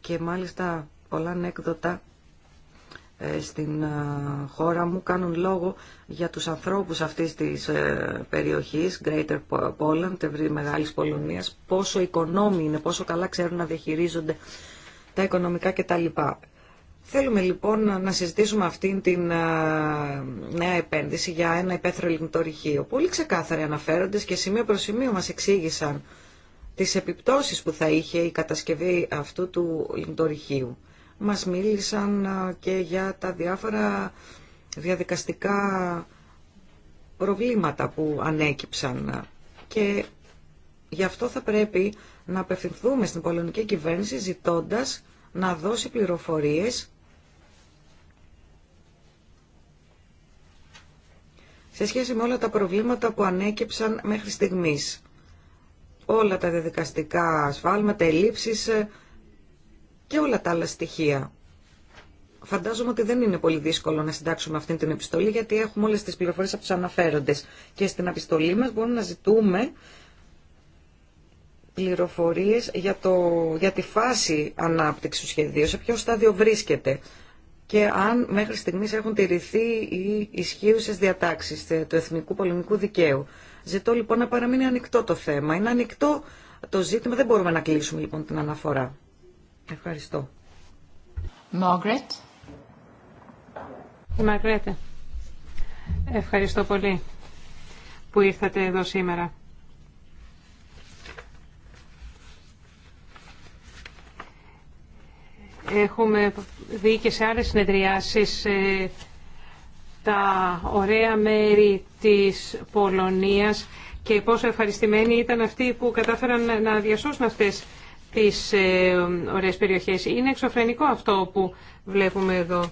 και μάλιστα πολλά ανέκδοτα ε, στην ε, χώρα μου κάνουν λόγο για τους ανθρώπους αυτής της ε, περιοχής, Greater Poland, Μεγάλης Πολωνίας, πόσο οικονόμοι είναι, πόσο καλά ξέρουν να διαχειρίζονται τα οικονομικά κτλ. Θέλουμε λοιπόν να συζητήσουμε αυτήν την νέα επένδυση για ένα υπαίθρο λιγνητορυχείο. Πολύ ξεκάθαροι αναφέροντες και σημείο προς σημείο μας εξήγησαν τις επιπτώσεις που θα είχε η κατασκευή αυτού του λιγνητορυχείου μας μίλησαν και για τα διάφορα διαδικαστικά προβλήματα που ανέκυψαν και γι' αυτό θα πρέπει να απευθυνθούμε στην πολωνική κυβέρνηση ζητώντας να δώσει πληροφορίες σε σχέση με όλα τα προβλήματα που ανέκυψαν μέχρι στιγμής. Όλα τα διαδικαστικά ασφάλματα, ελλείψεις και όλα τα άλλα στοιχεία. Φαντάζομαι ότι δεν είναι πολύ δύσκολο να συντάξουμε αυτή την επιστολή γιατί έχουμε όλες τις πληροφορίες από τους αναφέροντες και στην επιστολή μας μπορούμε να ζητούμε πληροφορίες για, για τη φάση ανάπτυξης του σχεδίου, σε ποιο στάδιο βρίσκεται και αν μέχρι στιγμής έχουν τηρηθεί οι ισχύουσες διατάξεις του Εθνικού Πολεμικού Δικαίου. Ζητώ λοιπόν να παραμείνει ανοιχτό το θέμα. Είναι ανοιχτό το ζήτημα, δεν μπορούμε να κλείσουμε λοιπόν την αναφορά. Ευχαριστώ. η Μαγκρέτε, ευχαριστώ πολύ που ήρθατε εδώ σήμερα. Έχουμε δει και σε άλλες συνεδριάσεις ε, τα ωραία μέρη της Πολωνίας και πόσο ευχαριστημένοι ήταν αυτοί που κατάφεραν να διασώσουν αυτές τις ε, ωραίες περιοχές. Είναι εξωφρενικό αυτό που βλέπουμε εδώ.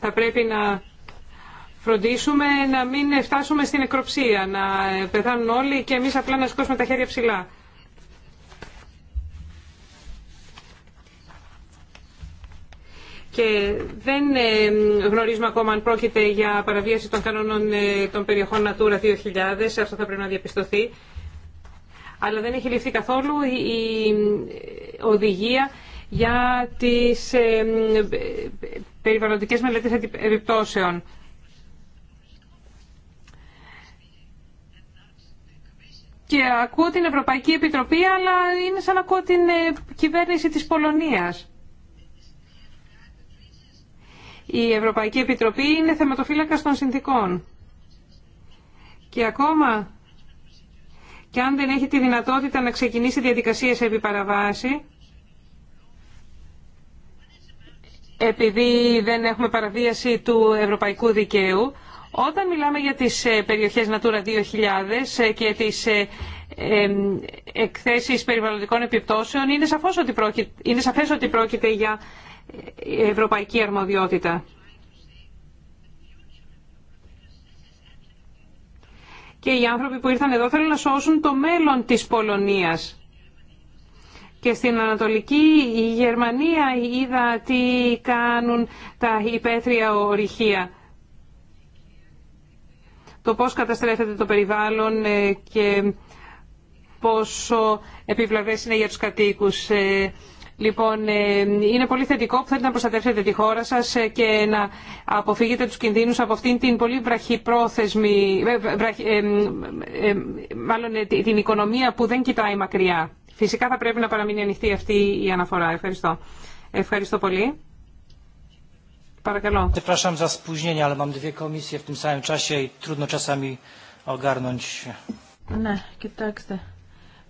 Θα πρέπει να φροντίσουμε να μην φτάσουμε στην εκροψία, να πεθάνουν όλοι και εμείς απλά να σηκώσουμε τα χέρια ψηλά. Και δεν ε, γνωρίζουμε ακόμα αν πρόκειται για παραβίαση των κανόνων ε, των περιοχών Natura 2000. Αυτό θα πρέπει να διαπιστωθεί αλλά δεν έχει ληφθεί καθόλου η ε, οδηγία για τις ε, περιβαλλοντικές μελέτες επιπτώσεων. Και ακούω την Ευρωπαϊκή Επιτροπή, αλλά είναι σαν να ακούω την ε, κυβέρνηση της Πολωνίας. Η Ευρωπαϊκή Επιτροπή είναι θεματοφύλακα των συνθήκων. Και ακόμα και αν δεν έχει τη δυνατότητα να ξεκινήσει διαδικασία σε επιπαραβάση, επειδή δεν έχουμε παραβίαση του ευρωπαϊκού δικαίου, όταν μιλάμε για τις ε, περιοχές Natura 2000 ε, και τις ε, εκθέσεις περιβαλλοντικών επιπτώσεων, είναι ότι είναι σαφές ότι πρόκειται για ευρωπαϊκή αρμοδιότητα. και οι άνθρωποι που ήρθαν εδώ θέλουν να σώσουν το μέλλον της Πολωνίας. Και στην Ανατολική η Γερμανία είδα τι κάνουν τα υπαίθρια ορυχεία. Το πώς καταστρέφεται το περιβάλλον ε, και πόσο επιβλαβές είναι για τους κατοίκους. Ε, Λοιπόν, ε, είναι πολύ θετικό που θέλετε να προστατεύσετε τη χώρα σας ε, και να αποφύγετε τους κινδύνους από αυτήν την πολύ βραχυπρόθεσμη, ε, μάλλον την οικονομία που δεν κοιτάει μακριά. Φυσικά θα πρέπει να παραμείνει ανοιχτή αυτή η αναφορά. Ευχαριστώ. Ευχαριστώ πολύ. Παρακαλώ. Przepraszam za spóźnienie, ale mam dwie Ναι, κοιτάξτε.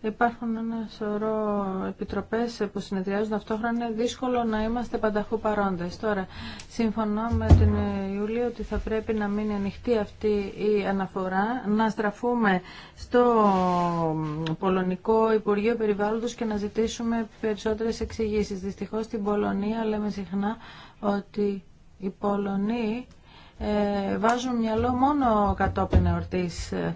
Υπάρχουν ένα σωρό επιτροπές που συνεδριάζουν ταυτόχρονα. Είναι δύσκολο να είμαστε πανταχού παρόντες. Τώρα, συμφωνώ με την Ιουλία ότι θα πρέπει να μείνει ανοιχτή αυτή η αναφορά, να στραφούμε στο Πολωνικό Υπουργείο Περιβάλλοντος και να ζητήσουμε περισσότερες εξηγήσεις. Δυστυχώς στην Πολωνία λέμε συχνά ότι οι Πολωνοί ε, βάζουν μυαλό μόνο κατόπιν εορτής. Ε,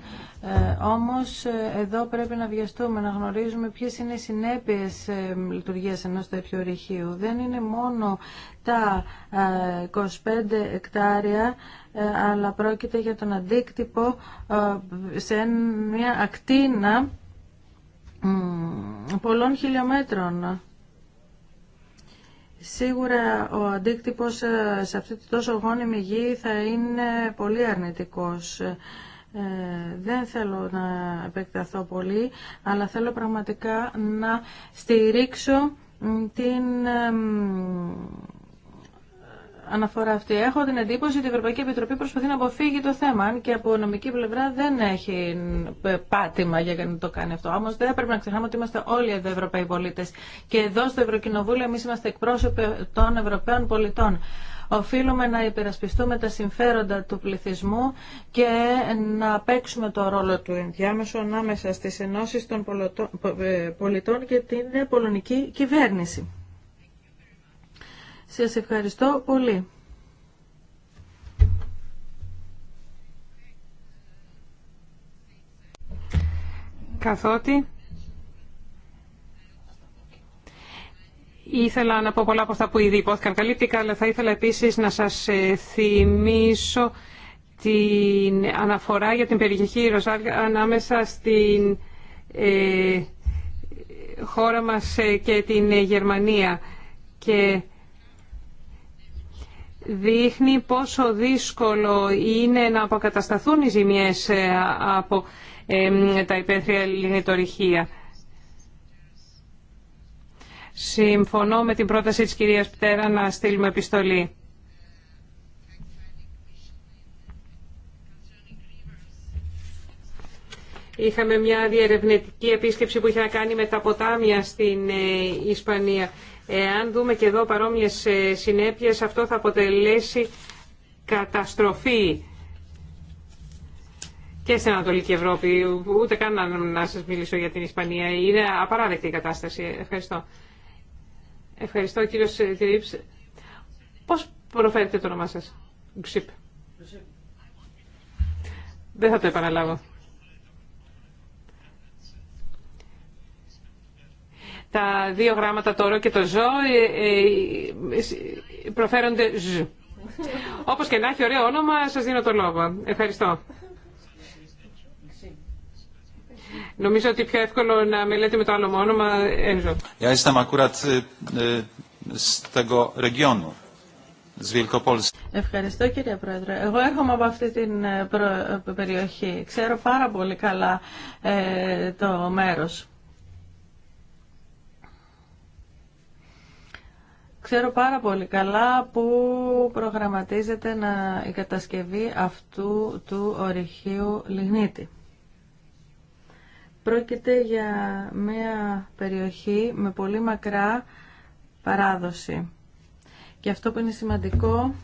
όμως ε, εδώ πρέπει να βιαστούμε, να γνωρίζουμε ποιες είναι οι συνέπειες ε, λειτουργίας ενός τέτοιου ρηχείου. Δεν είναι μόνο τα 25 εκτάρια, αλλά πρόκειται για τον αντίκτυπο σε μια ακτίνα πολλών χιλιόμετρων. Σίγουρα ο αντίκτυπος ε, σε αυτή τη τόσο γόνιμη γη θα είναι πολύ αρνητικός. Ε, δεν θέλω να επεκταθώ πολύ, αλλά θέλω πραγματικά να στηρίξω την ε, αναφορά αυτή. Έχω την εντύπωση ότι η Ευρωπαϊκή Επιτροπή προσπαθεί να αποφύγει το θέμα, αν και από νομική πλευρά δεν έχει πάτημα για να το κάνει αυτό. Όμω δεν πρέπει να ξεχνάμε ότι είμαστε όλοι εδώ Ευρωπαίοι πολίτε. Και εδώ στο Ευρωκοινοβούλιο εμεί είμαστε εκπρόσωποι των Ευρωπαίων πολιτών. Οφείλουμε να υπερασπιστούμε τα συμφέροντα του πληθυσμού και να παίξουμε το ρόλο του ενδιάμεσου ανάμεσα στις ενώσεις των πολιτών ε, και την πολωνική κυβέρνηση. Σας ευχαριστώ πολύ. Καθότι ήθελα να πω πολλά από αυτά που ήδη υπόθηκαν καλύπτηκα, αλλά θα ήθελα επίσης να σας ε, θυμίσω την αναφορά για την περιοχή Ροζάλια ανάμεσα στην ε, χώρα μας ε, και την Γερμανία και δείχνει πόσο δύσκολο είναι να αποκατασταθούν οι ζημιές ε, από τα υπαίθρια λινητορυχία. Συμφωνώ με την πρόταση της κυρίας Πτέρα να στείλουμε επιστολή. Είχαμε μια διερευνητική επίσκεψη που είχε να κάνει με τα ποτάμια στην ε, Ισπανία Εάν δούμε και εδώ παρόμοιες ε, συνέπειες, αυτό θα αποτελέσει καταστροφή και στην Ανατολική Ευρώπη. Ούτε καν να σας μιλήσω για την Ισπανία. Είναι απαράδεκτη η κατάσταση. Ευχαριστώ. Ευχαριστώ κύριο Τυρίψ. Ε, Πώς προφέρετε το όνομά σας. Ξύπ. Δεν θα το επαναλάβω. Τα δύο γράμματα το ρο και το ζω ε, ε, προφέρονται ζ. Όπως και να έχει ωραίο όνομα, σας δίνω το λόγο. Ευχαριστώ. Νομίζω ότι πιο εύκολο να λέτε με το άλλο όνομα, Ένζο. Ε, Ευχαριστώ κύριε Πρόεδρε. Εγώ έρχομαι από αυτή την περιοχή. Ξέρω πάρα πολύ καλά το μέρος. Ξέρω πάρα πολύ καλά που προγραμματίζεται να η κατασκευή αυτού του ορυχείου λιγνίτη. Πρόκειται για μια περιοχή με πολύ μακρά παράδοση. Και αυτό που είναι σημαντικό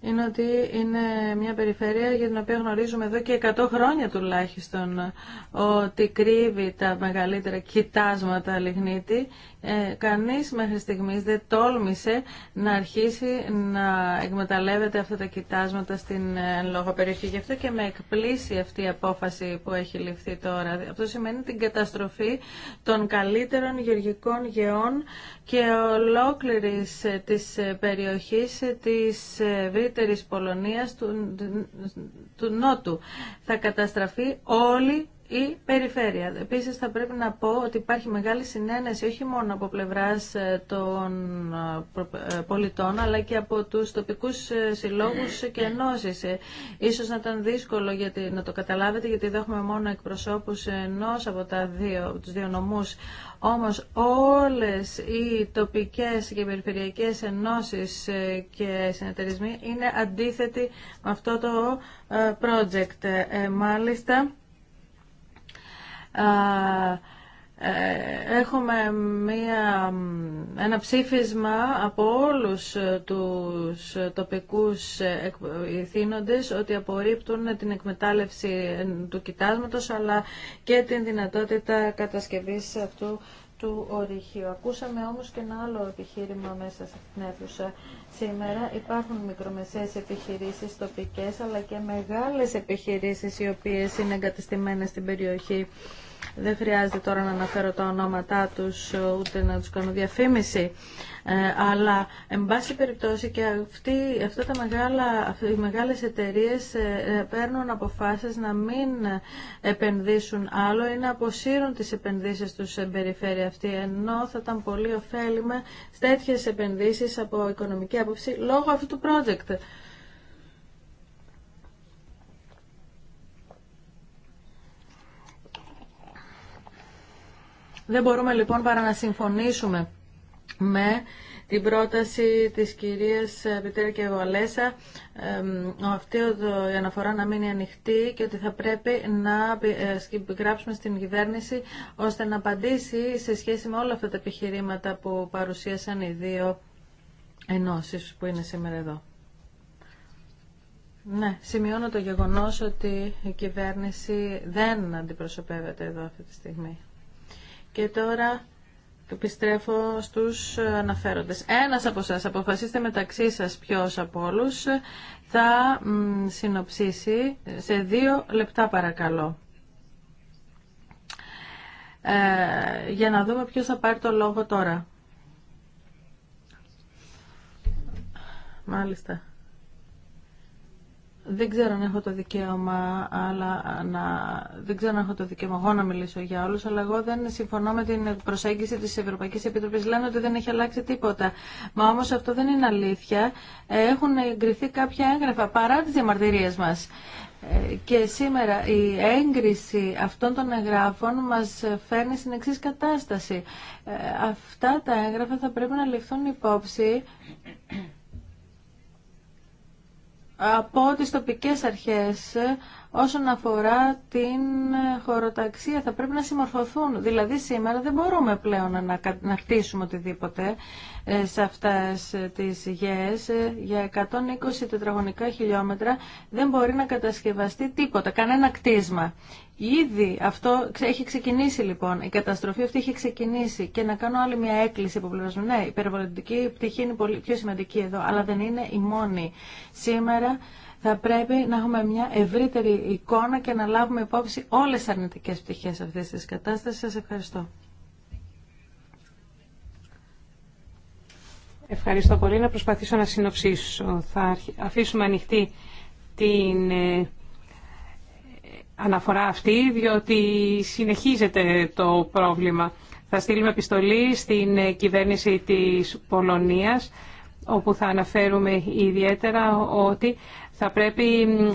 είναι ότι είναι μια περιφέρεια για την οποία γνωρίζουμε εδώ και 100 χρόνια τουλάχιστον ότι κρύβει τα μεγαλύτερα κοιτάσματα λιγνίτη ε, κανείς μέχρι στιγμής δεν τόλμησε να αρχίσει να εκμεταλλεύεται αυτά τα κοιτάσματα στην ε, λόγω περιοχή. Γι' αυτό και με εκπλήσει αυτή η απόφαση που έχει ληφθεί τώρα. Αυτό σημαίνει την καταστροφή των καλύτερων γεωργικών γεών και ολόκληρης ε, της ε, περιοχής ε, της ευρύτερης Πολωνίας του, του Νότου. Θα καταστραφεί όλη η περιφέρεια. Επίσης θα πρέπει να πω ότι υπάρχει μεγάλη συνένεση όχι μόνο από πλευράς ε, των ε, ε, πολιτών αλλά και από τους τοπικούς συλλόγους και ενώσει. Ίσως να ήταν δύσκολο γιατί, να το καταλάβετε γιατί εδώ έχουμε μόνο εκπροσώπους ενός από, τα δύο, τους δύο νομούς. Όμως όλες οι τοπικές και περιφερειακές ενώσεις και συνεταιρισμοί είναι αντίθετοι με αυτό το project. Μάλιστα, ε, έχουμε μία, ένα ψήφισμα από όλους τους τοπικούς ηθήνοντες ότι απορρίπτουν την εκμετάλλευση του κοιτάσματος αλλά και την δυνατότητα κατασκευής αυτού του ορυχείου. Ακούσαμε όμως και ένα άλλο επιχείρημα μέσα στην αίθουσα. Σήμερα υπάρχουν μικρομεσαίες επιχειρήσεις τοπικές αλλά και μεγάλες επιχειρήσεις οι οποίες είναι εγκατεστημένες στην περιοχή. Δεν χρειάζεται τώρα να αναφέρω τα ονόματά τους ούτε να τους κάνω διαφήμιση. Ε, αλλά, εν πάση περιπτώσει, και αυτοί, αυτά τα μεγάλα, οι μεγάλες εταιρείες ε, ε, παίρνουν αποφάσεις να μην επενδύσουν άλλο ή να αποσύρουν τις επενδύσεις τους σε περιφέρεια αυτή, ενώ θα ήταν πολύ ωφέλιμα επενδύσεις από οικονομική λόγω αυτού του project. Δεν μπορούμε λοιπόν παρά να συμφωνήσουμε με την πρόταση της κυρίας Πιτέρα και ο αυτή η αναφορά να μείνει ανοιχτή και ότι θα πρέπει να ε, γράψουμε στην κυβέρνηση ώστε να απαντήσει σε σχέση με όλα αυτά τα επιχειρήματα που παρουσίασαν οι δύο ενώσει που είναι σήμερα εδώ. Ναι, σημειώνω το γεγονός ότι η κυβέρνηση δεν αντιπροσωπεύεται εδώ αυτή τη στιγμή. Και τώρα επιστρέφω στους αναφέροντες. Ένας από σας αποφασίστε μεταξύ σας ποιος από όλους, θα συνοψίσει σε δύο λεπτά παρακαλώ. Ε, για να δούμε ποιος θα πάρει το λόγο τώρα. Μάλιστα. Δεν ξέρω αν έχω το δικαίωμα, αλλά να... δεν ξέρω αν έχω το δικαίωμα εγώ να μιλήσω για όλου, αλλά εγώ δεν συμφωνώ με την προσέγγιση τη Ευρωπαϊκή Επιτροπή. Λένε ότι δεν έχει αλλάξει τίποτα. Μα όμω αυτό δεν είναι αλήθεια. Έχουν εγκριθεί κάποια έγγραφα παρά τι διαμαρτυρίε μα. Ε, και σήμερα η έγκριση αυτών των εγγράφων μας φέρνει στην εξής κατάσταση. Ε, αυτά τα έγγραφα θα πρέπει να ληφθούν υπόψη από τις τοπικές αρχές Όσον αφορά την χωροταξία θα πρέπει να συμμορφωθούν. Δηλαδή σήμερα δεν μπορούμε πλέον να, να χτίσουμε οτιδήποτε ε, σε αυτές ε, τις γέες. Ε, για 120 τετραγωνικά χιλιόμετρα δεν μπορεί να κατασκευαστεί τίποτα, κανένα κτίσμα. Ήδη αυτό έχει ξεκινήσει λοιπόν. Η καταστροφή αυτή έχει ξεκινήσει. Και να κάνω άλλη μια έκκληση από πλευρά Ναι, η περιβαλλοντική πτυχή είναι πολύ πιο σημαντική εδώ, αλλά δεν είναι η μόνη. Σήμερα θα πρέπει να έχουμε μια ευρύτερη εικόνα και να λάβουμε υπόψη όλες τις αρνητικές πτυχές αυτής της κατάστασης. Σας ευχαριστώ. Ευχαριστώ πολύ. Να προσπαθήσω να συνοψίσω. Θα αφήσουμε ανοιχτή την ε, αναφορά αυτή, διότι συνεχίζεται το πρόβλημα. Θα στείλουμε επιστολή στην ε, κυβέρνηση της Πολωνίας, όπου θα αναφέρουμε ιδιαίτερα ότι θα πρέπει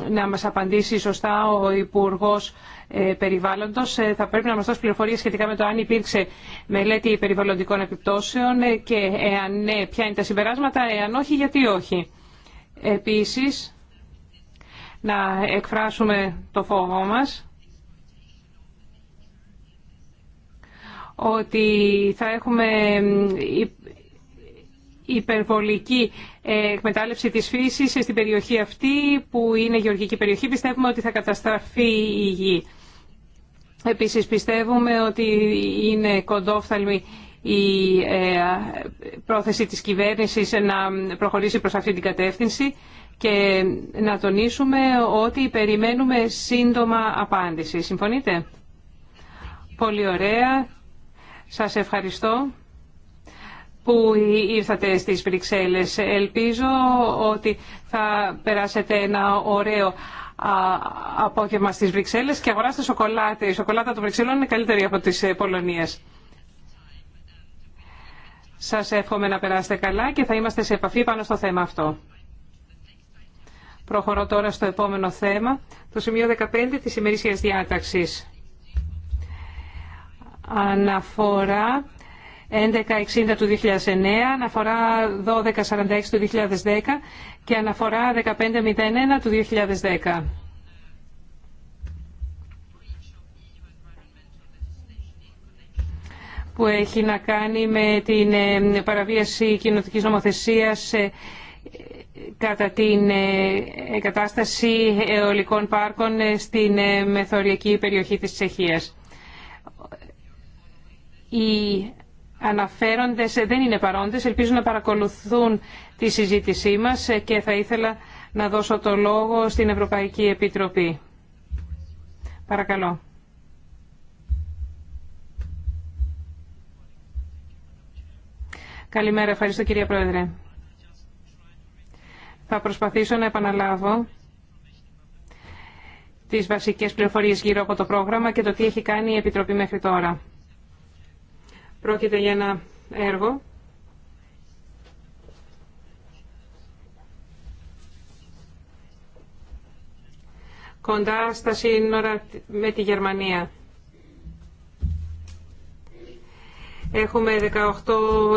να μας απαντήσει σωστά ο Υπουργός ε, Περιβάλλοντος. Ε, θα πρέπει να μας δώσει πληροφορίες σχετικά με το αν υπήρξε μελέτη περιβαλλοντικών επιπτώσεων ε, και εάν ναι, ποια είναι τα συμπεράσματα, εάν όχι, γιατί όχι. Επίσης, να εκφράσουμε το φόβο μας ότι θα έχουμε υπερβολική ε, εκμετάλλευση της φύσης στην περιοχή αυτή που είναι γεωργική περιοχή. Πιστεύουμε ότι θα καταστραφεί η γη. Επίσης πιστεύουμε ότι είναι κοντόφθαλμη η ε, πρόθεση της κυβέρνησης να προχωρήσει προς αυτή την κατεύθυνση και να τονίσουμε ότι περιμένουμε σύντομα απάντηση. Συμφωνείτε? Πολύ ωραία. Σας ευχαριστώ που ήρθατε στις Βρυξέλλες. Ελπίζω ότι θα περάσετε ένα ωραίο απόγευμα στις Βρυξέλλες και αγοράστε σοκολάτα. Η σοκολάτα των Βρυξελών είναι καλύτερη από τις ε, Πολωνίες. Σας εύχομαι να περάσετε καλά και θα είμαστε σε επαφή πάνω στο θέμα αυτό. Προχωρώ τώρα στο επόμενο θέμα, το σημείο 15 της ημερήσιας διάταξης. Αναφορά 1160 του 2009, αναφορά 1246 του 2010 και αναφορά 1501 του 2010. που έχει να κάνει με την ε, παραβίαση κοινωτικής νομοθεσίας ε, κατά την ε, κατάσταση αιωλικών πάρκων στην μεθοριακή περιοχή της Τσεχίας. Η αναφέροντες δεν είναι παρόντες. Ελπίζω να παρακολουθούν τη συζήτησή μας και θα ήθελα να δώσω το λόγο στην Ευρωπαϊκή Επιτροπή. Παρακαλώ. Καλημέρα. Ευχαριστώ κυρία Πρόεδρε. Θα προσπαθήσω να επαναλάβω τις βασικές πληροφορίες γύρω από το πρόγραμμα και το τι έχει κάνει η Επιτροπή μέχρι τώρα. Πρόκειται για ένα έργο κοντά στα σύνορα με τη Γερμανία. Έχουμε 18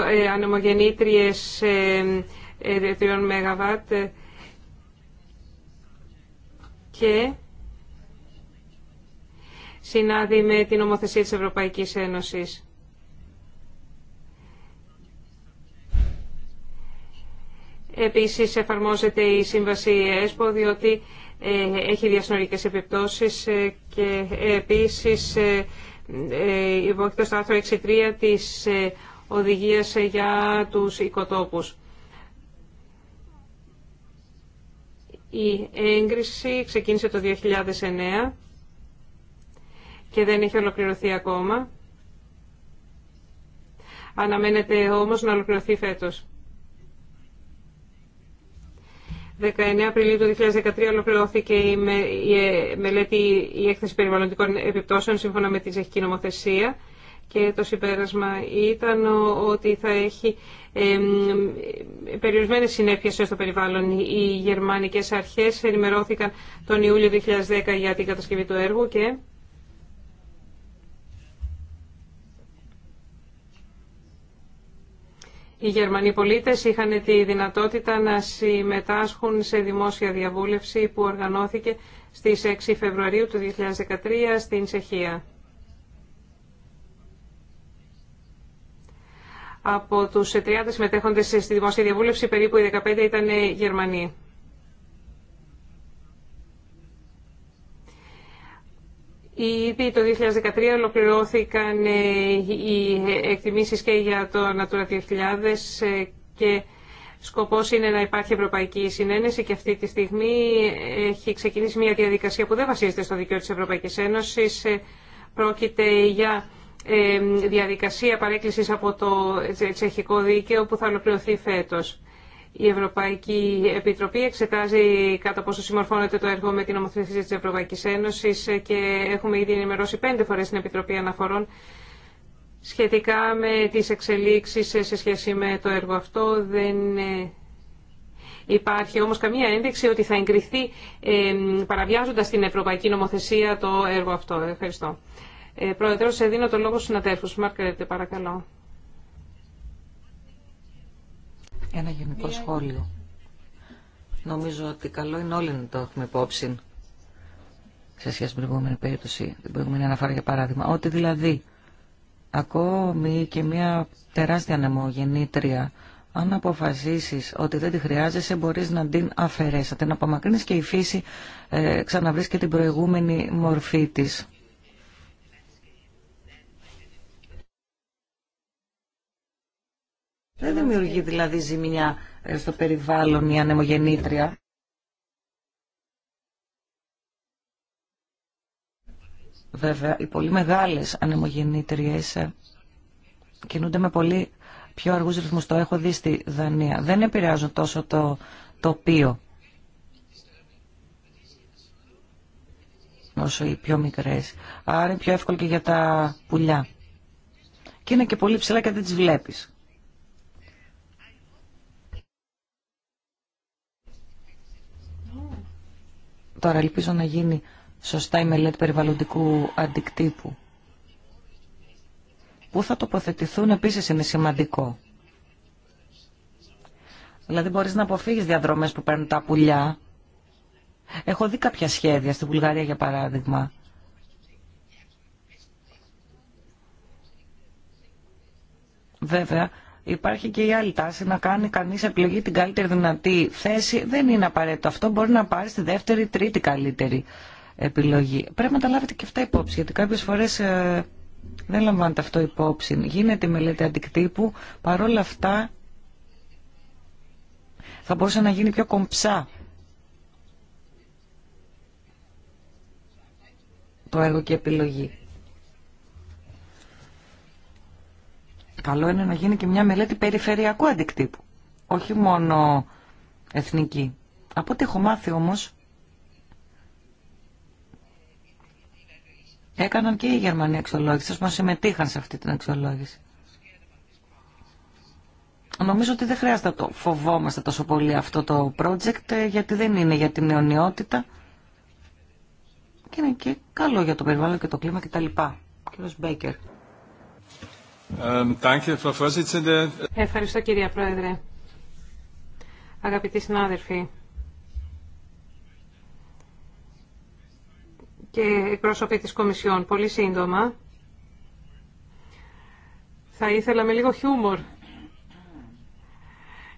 ε, ανεμογεννήτριες 3 ε, ε, ΜΒ και συνάδει με την ομοθεσία της Ευρωπαϊκής Ένωσης. Επίσης εφαρμόζεται η σύμβαση ΕΣΠΟ διότι ε, έχει διασυνορικές επιπτώσεις ε, και επίσης ε, υπόκειται στο άρθρο 6.3 της οδηγίας για τους οικοτόπους. Η έγκριση ξεκίνησε το 2009 και δεν έχει ολοκληρωθεί ακόμα. Αναμένεται όμως να ολοκληρωθεί φέτος. 19 Απριλίου του 2013 ολοκληρώθηκε η, με, ε, μελέτη η έκθεση περιβαλλοντικών επιπτώσεων σύμφωνα με τη ζεχική νομοθεσία και το συμπέρασμα ήταν ότι θα έχει ε, περιορισμένες συνέπειες στο περιβάλλον. Οι γερμανικές αρχές ενημερώθηκαν τον Ιούλιο 2010 για την κατασκευή του έργου και Οι Γερμανοί πολίτες είχαν τη δυνατότητα να συμμετάσχουν σε δημόσια διαβούλευση που οργανώθηκε στις 6 Φεβρουαρίου του 2013 στην Τσεχία. Από τους 30 συμμετέχοντες στη δημόσια διαβούλευση περίπου οι 15 ήταν Γερμανοί. Ήδη το 2013 ολοκληρώθηκαν ε, οι εκτιμήσεις και για το Natura 2000 ε, και σκοπός είναι να υπάρχει ευρωπαϊκή συνένεση και αυτή τη στιγμή έχει ξεκινήσει μια διαδικασία που δεν βασίζεται στο δικαίωμα της Ευρωπαϊκής Ένωσης. Ε, πρόκειται για διαδικασία παρέκκλησης από το τσεχικό δίκαιο που θα ολοκληρωθεί φέτος. Η Ευρωπαϊκή Επιτροπή εξετάζει κατά πόσο συμμορφώνεται το έργο με την νομοθεσία της Ευρωπαϊκής Ένωσης και έχουμε ήδη ενημερώσει πέντε φορές την Επιτροπή Αναφορών σχετικά με τις εξελίξεις σε σχέση με το έργο αυτό. Δεν ε, υπάρχει όμως καμία ένδειξη ότι θα εγκριθεί ε, παραβιάζοντας την Ευρωπαϊκή Νομοθεσία το έργο αυτό. Ευχαριστώ. Ε, δίνω το λόγο στους συναδέλφους. Μάρκαρετε, παρακαλώ. Ένα γενικό σχόλιο. Νομίζω ότι καλό είναι όλοι να το έχουμε υπόψη σε σχέση με την προηγούμενη περίπτωση, την προηγούμενη αναφορά για παράδειγμα. Ότι δηλαδή ακόμη και μια τεράστια ανεμογεννήτρια αν αποφασίσεις ότι δεν τη χρειάζεσαι μπορείς να την αφαιρέσεις, να την απομακρύνεις και η φύση ε, ξαναβρίσκει την προηγούμενη μορφή της. Δεν δημιουργεί δηλαδή ζημιά ε, στο περιβάλλον η ανεμογεννήτρια. Βέβαια, οι πολύ μεγάλες ανεμογεννήτριες ε, κινούνται με πολύ πιο αργούς ρυθμούς. Το έχω δει στη Δανία. Δεν επηρεάζουν τόσο το τοπίο όσο οι πιο μικρές. Άρα είναι πιο εύκολο και για τα πουλιά. Και είναι και πολύ ψηλά και δεν τις βλέπεις. Τώρα ελπίζω να γίνει σωστά η μελέτη περιβαλλοντικού αντικτύπου. Πού θα τοποθετηθούν επίσης είναι σημαντικό. Δηλαδή μπορείς να αποφύγεις διαδρομές που παίρνουν τα πουλιά. Έχω δει κάποια σχέδια στη Βουλγαρία για παράδειγμα. Βέβαια, Υπάρχει και η άλλη τάση να κάνει κανεί επιλογή την καλύτερη δυνατή θέση. Δεν είναι απαραίτητο αυτό. Μπορεί να πάρει στη δεύτερη, τρίτη καλύτερη επιλογή. Πρέπει να τα λάβετε και αυτά υπόψη, γιατί κάποιε φορέ ε, δεν λαμβάνεται αυτό υπόψη. Γίνεται η μελέτη αντικτύπου. Παρόλα αυτά θα μπορούσε να γίνει πιο κομψά το έργο και επιλογή. Καλό είναι να γίνει και μια μελέτη περιφερειακού αντικτύπου, όχι μόνο εθνική. Από ό,τι έχω μάθει όμως, έκαναν και οι Γερμανοί αξιολόγηση, μας συμμετείχαν σε αυτή την αξιολόγηση. Νομίζω ότι δεν χρειάζεται να το φοβόμαστε τόσο πολύ αυτό το project, ε, γιατί δεν είναι για την αιωνιότητα και είναι και καλό για το περιβάλλον και το κλίμα κτλ. Κύριος Μπέκερ. Ευχαριστώ κυρία Πρόεδρε. Αγαπητοί συνάδελφοι και εκπρόσωποι της Κομισιόν, πολύ σύντομα θα ήθελα με λίγο χιούμορ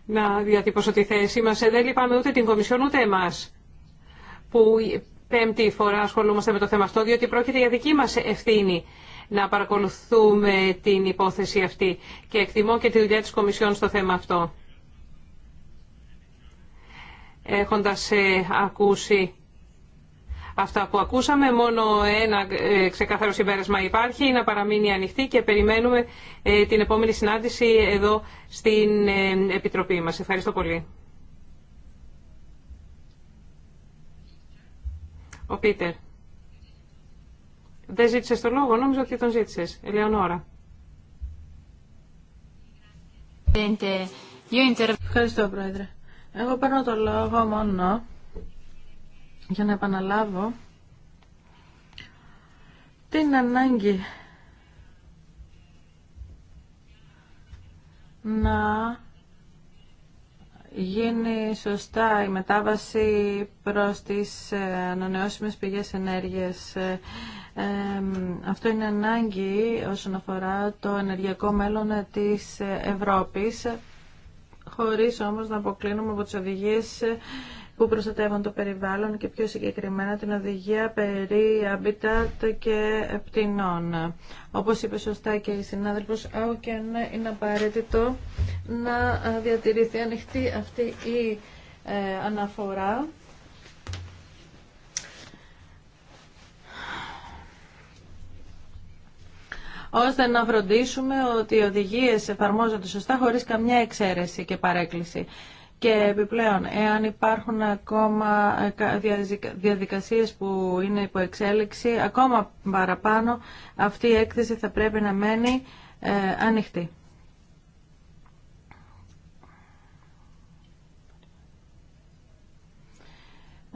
να διατύπωσω τη θέση μας. Ε, δεν λυπάμαι ούτε την Κομισιόν ούτε εμάς που πέμπτη φορά ασχολούμαστε με το θέμα αυτό, διότι πρόκειται για δική μας ευθύνη να παρακολουθούμε την υπόθεση αυτή και εκτιμώ και τη δουλειά της Κομισιόν στο θέμα αυτό. Έχοντας ε, ακούσει αυτά που ακούσαμε, μόνο ένα ε, ξεκάθαρο συμπέρασμα υπάρχει, να παραμείνει ανοιχτή και περιμένουμε ε, την επόμενη συνάντηση εδώ στην Επιτροπή μας. Ευχαριστώ πολύ. Ο Πίτερ. Δεν ζήτησε το λόγο, νόμιζα ότι τον ζήτησε. Ελεονόρα. Ευχαριστώ, Πρόεδρε. Εγώ παίρνω το λόγο μόνο για να επαναλάβω την ανάγκη να γίνει σωστά η μετάβαση προς τις ε, ανανεώσιμες πηγές ενέργειας ε, αυτό είναι ανάγκη όσον αφορά το ενεργειακό μέλλον της Ευρώπης, χωρίς όμως να αποκλίνουμε από τις οδηγίες που προστατεύουν το περιβάλλον και πιο συγκεκριμένα την οδηγία περί habitat και πτηνών. Όπως είπε σωστά και η συνάδελφος να είναι απαραίτητο να διατηρηθεί ανοιχτή αυτή η ε, αναφορά ώστε να φροντίσουμε ότι οι οδηγίες εφαρμόζονται σωστά χωρίς καμιά εξαίρεση και παρέκκληση. Και επιπλέον, εάν υπάρχουν ακόμα ε, διαδικασίες που είναι υπό εξέλιξη, ακόμα παραπάνω αυτή η έκθεση θα πρέπει να μένει ε, ανοιχτή.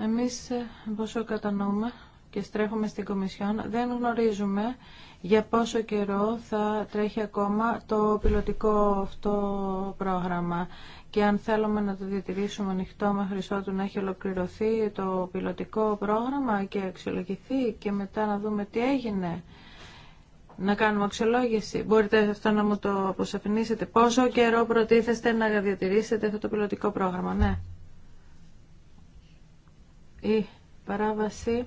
Εμείς ε, πόσο κατανοούμε και στρέφουμε στην Κομισιόν, δεν γνωρίζουμε για πόσο καιρό θα τρέχει ακόμα το πιλωτικό αυτό πρόγραμμα. Και αν θέλουμε να το διατηρήσουμε ανοιχτό μέχρι ότου να έχει ολοκληρωθεί το πιλωτικό πρόγραμμα και αξιολογηθεί και μετά να δούμε τι έγινε, να κάνουμε αξιολόγηση. Μπορείτε αυτό να μου το αποσαφηνίσετε. Πόσο καιρό προτίθεστε να διατηρήσετε αυτό το πιλωτικό πρόγραμμα, ναι. Η παράβαση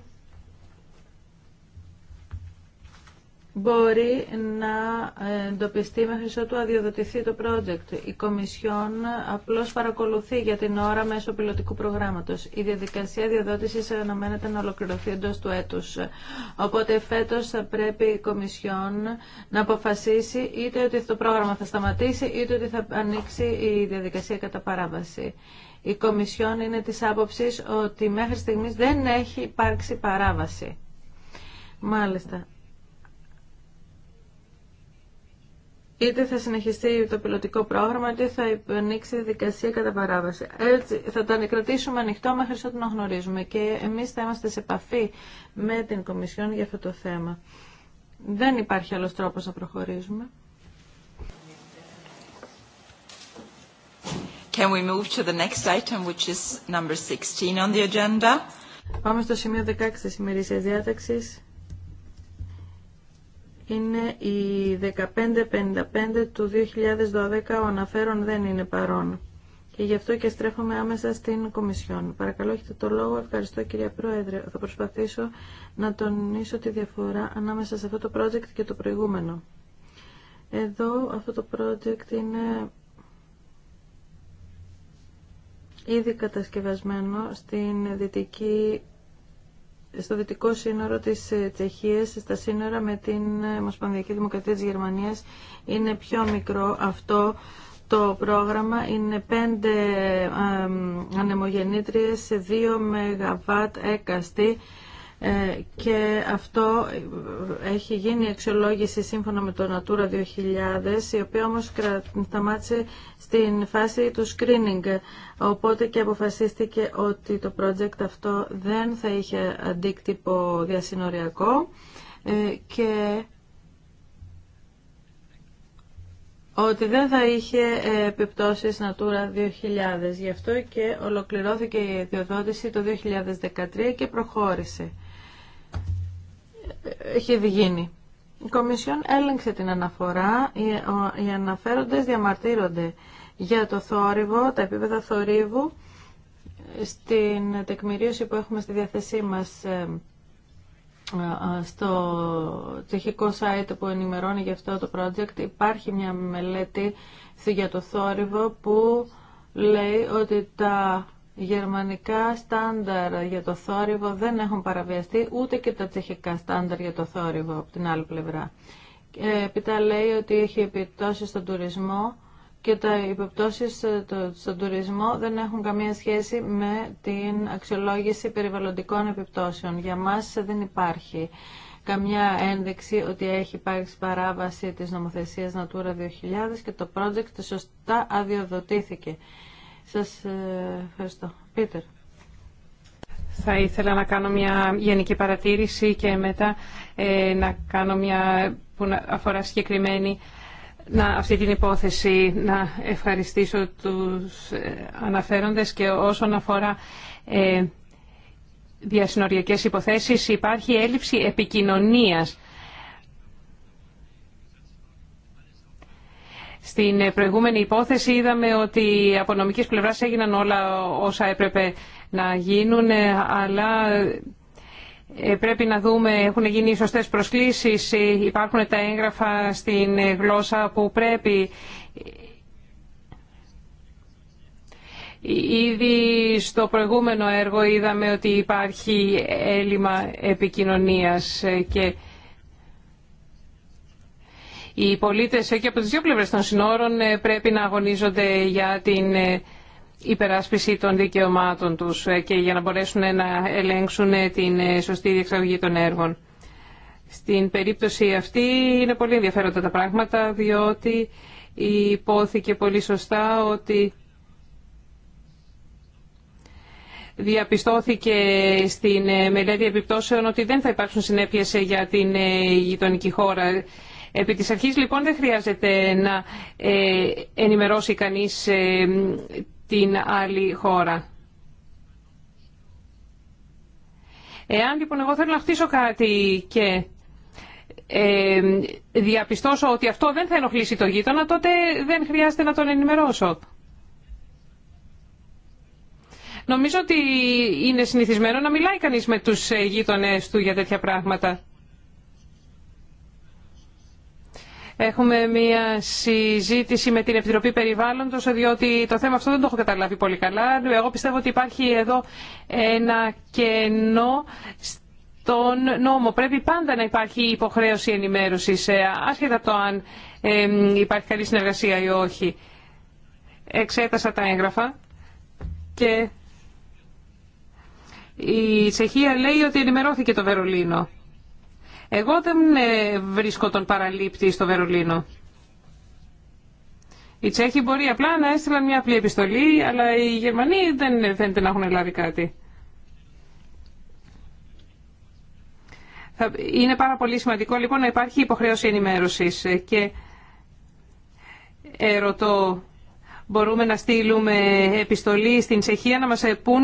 μπορεί να εντοπιστεί μέχρι ότου αδειοδοτηθεί το project. Η Κομισιόν απλώς παρακολουθεί για την ώρα μέσω πιλωτικού προγράμματος. Η διαδικασία αδειοδότησης αναμένεται να ολοκληρωθεί εντός του έτους. Οπότε φέτος θα πρέπει η Κομισιόν να αποφασίσει είτε ότι το πρόγραμμα θα σταματήσει είτε ότι θα ανοίξει η διαδικασία κατά παράβαση. Η Κομισιόν είναι της άποψης ότι μέχρι στιγμής δεν έχει υπάρξει παράβαση. Μάλιστα. είτε θα συνεχιστεί το πιλωτικό πρόγραμμα, είτε θα ανοίξει η δικασία κατά παράβαση. Έτσι θα το κρατήσουμε ανοιχτό μέχρι ότου να γνωρίζουμε και εμείς θα είμαστε σε επαφή με την Κομισιόν για αυτό το θέμα. Δεν υπάρχει άλλος τρόπος να προχωρήσουμε. Can we move to the next item, which is number 16 on the agenda? Πάμε στο σημείο 16 της ημερήσιας διάταξης είναι η 1555 του 2012, ο αναφέρον δεν είναι παρόν. Και γι' αυτό και στρέφομαι άμεσα στην Κομισιόν. Παρακαλώ, έχετε το λόγο. Ευχαριστώ, κυρία Πρόεδρε. Θα προσπαθήσω να τονίσω τη διαφορά ανάμεσα σε αυτό το project και το προηγούμενο. Εδώ αυτό το project είναι ήδη κατασκευασμένο στην Δυτική στο δυτικό σύνορο της ε, Τσεχίας, στα σύνορα με την ε, Ομοσπονδιακή Δημοκρατία της Γερμανίας, είναι πιο μικρό αυτό το πρόγραμμα. Είναι πέντε ε, ανεμογεννήτριες σε 2 μεγαβάτ έκαστη ε, και αυτό έχει γίνει αξιολόγηση σύμφωνα με το Natura 2000 η οποία όμως σταμάτησε στην φάση του screening οπότε και αποφασίστηκε ότι το project αυτό δεν θα είχε αντίκτυπο διασυνοριακό ε, και ότι δεν θα είχε ε, επιπτώσεις Natura 2000. Γι' αυτό και ολοκληρώθηκε η ιδιοδότηση το 2013 και προχώρησε έχει διγίνει, Η Κομισιόν έλεγξε την αναφορά, οι αναφέροντες διαμαρτύρονται για το θόρυβο, τα επίπεδα θορύβου, στην τεκμηρίωση που έχουμε στη διάθεσή μας ε, ε, στο τσεχικό site που ενημερώνει για αυτό το project υπάρχει μια μελέτη για το θόρυβο που λέει ότι τα γερμανικά στάνταρ για το θόρυβο δεν έχουν παραβιαστεί, ούτε και τα τσεχικά στάνταρ για το θόρυβο από την άλλη πλευρά. Ε, Επίτα λέει ότι έχει επιπτώσεις στον τουρισμό και τα επιπτώσεις ε, στον τουρισμό δεν έχουν καμία σχέση με την αξιολόγηση περιβαλλοντικών επιπτώσεων. Για μας δεν υπάρχει καμιά ένδειξη ότι έχει υπάρξει παράβαση της νομοθεσίας Natura 2000 και το project σωστά αδειοδοτήθηκε. Σας ε, ευχαριστώ. Πίτερ. Θα ήθελα να κάνω μια γενική παρατήρηση και μετά ε, να κάνω μια που αφορά συγκεκριμένη να, αυτή την υπόθεση. Να ευχαριστήσω τους ε, αναφέροντες και όσον αφορά ε, διασυνοριακές υποθέσεις υπάρχει έλλειψη επικοινωνίας Στην προηγούμενη υπόθεση είδαμε ότι από νομικής πλευράς έγιναν όλα όσα έπρεπε να γίνουν, αλλά ε, πρέπει να δούμε, έχουν γίνει οι σωστές προσκλήσεις, ε, υπάρχουν τα έγγραφα στην γλώσσα που πρέπει. Ήδη στο προηγούμενο έργο είδαμε ότι υπάρχει έλλειμμα επικοινωνίας ε, και οι πολίτες και από τις δύο πλευρές των συνόρων ε, πρέπει να αγωνίζονται για την ε, υπεράσπιση των δικαιωμάτων τους ε, και για να μπορέσουν να ελέγξουν την σωστή διεξαγωγή των έργων. Στην περίπτωση αυτή είναι πολύ ενδιαφέροντα τα πράγματα διότι υπόθηκε πολύ σωστά ότι διαπιστώθηκε στην μελέτη επιπτώσεων ότι δεν θα υπάρξουν συνέπειες για την γειτονική χώρα Επί της αρχής λοιπόν δεν χρειάζεται να ε, ενημερώσει κανείς ε, την άλλη χώρα. Εάν λοιπόν εγώ θέλω να χτίσω κάτι και ε, διαπιστώσω ότι αυτό δεν θα ενοχλήσει το γείτονα, τότε δεν χρειάζεται να τον ενημερώσω. Νομίζω ότι είναι συνηθισμένο να μιλάει κανείς με τους ε, γείτονες του για τέτοια πράγματα. Έχουμε μία συζήτηση με την Επιτροπή Περιβάλλοντος, διότι το θέμα αυτό δεν το έχω καταλάβει πολύ καλά. Εγώ πιστεύω ότι υπάρχει εδώ ένα κενό στον νόμο. Πρέπει πάντα να υπάρχει υποχρέωση ενημέρωσης, ε, άσχετα το αν υπάρχει καλή συνεργασία ή όχι. Εξέτασα τα έγγραφα και η Τσεχία λέει ότι ενημερώθηκε το Βερολίνο. Εγώ δεν ε, βρίσκω τον παραλήπτη στο Βερολίνο. Οι Τσέχοι μπορεί απλά να έστειλαν μια απλή επιστολή, αλλά οι Γερμανοί δεν φαίνεται να έχουν λάβει κάτι. Είναι πάρα πολύ σημαντικό λοιπόν να υπάρχει υποχρέωση ενημέρωσης ε, και ερωτώ μπορούμε να στείλουμε επιστολή στην Τσεχία να μας ε, πούν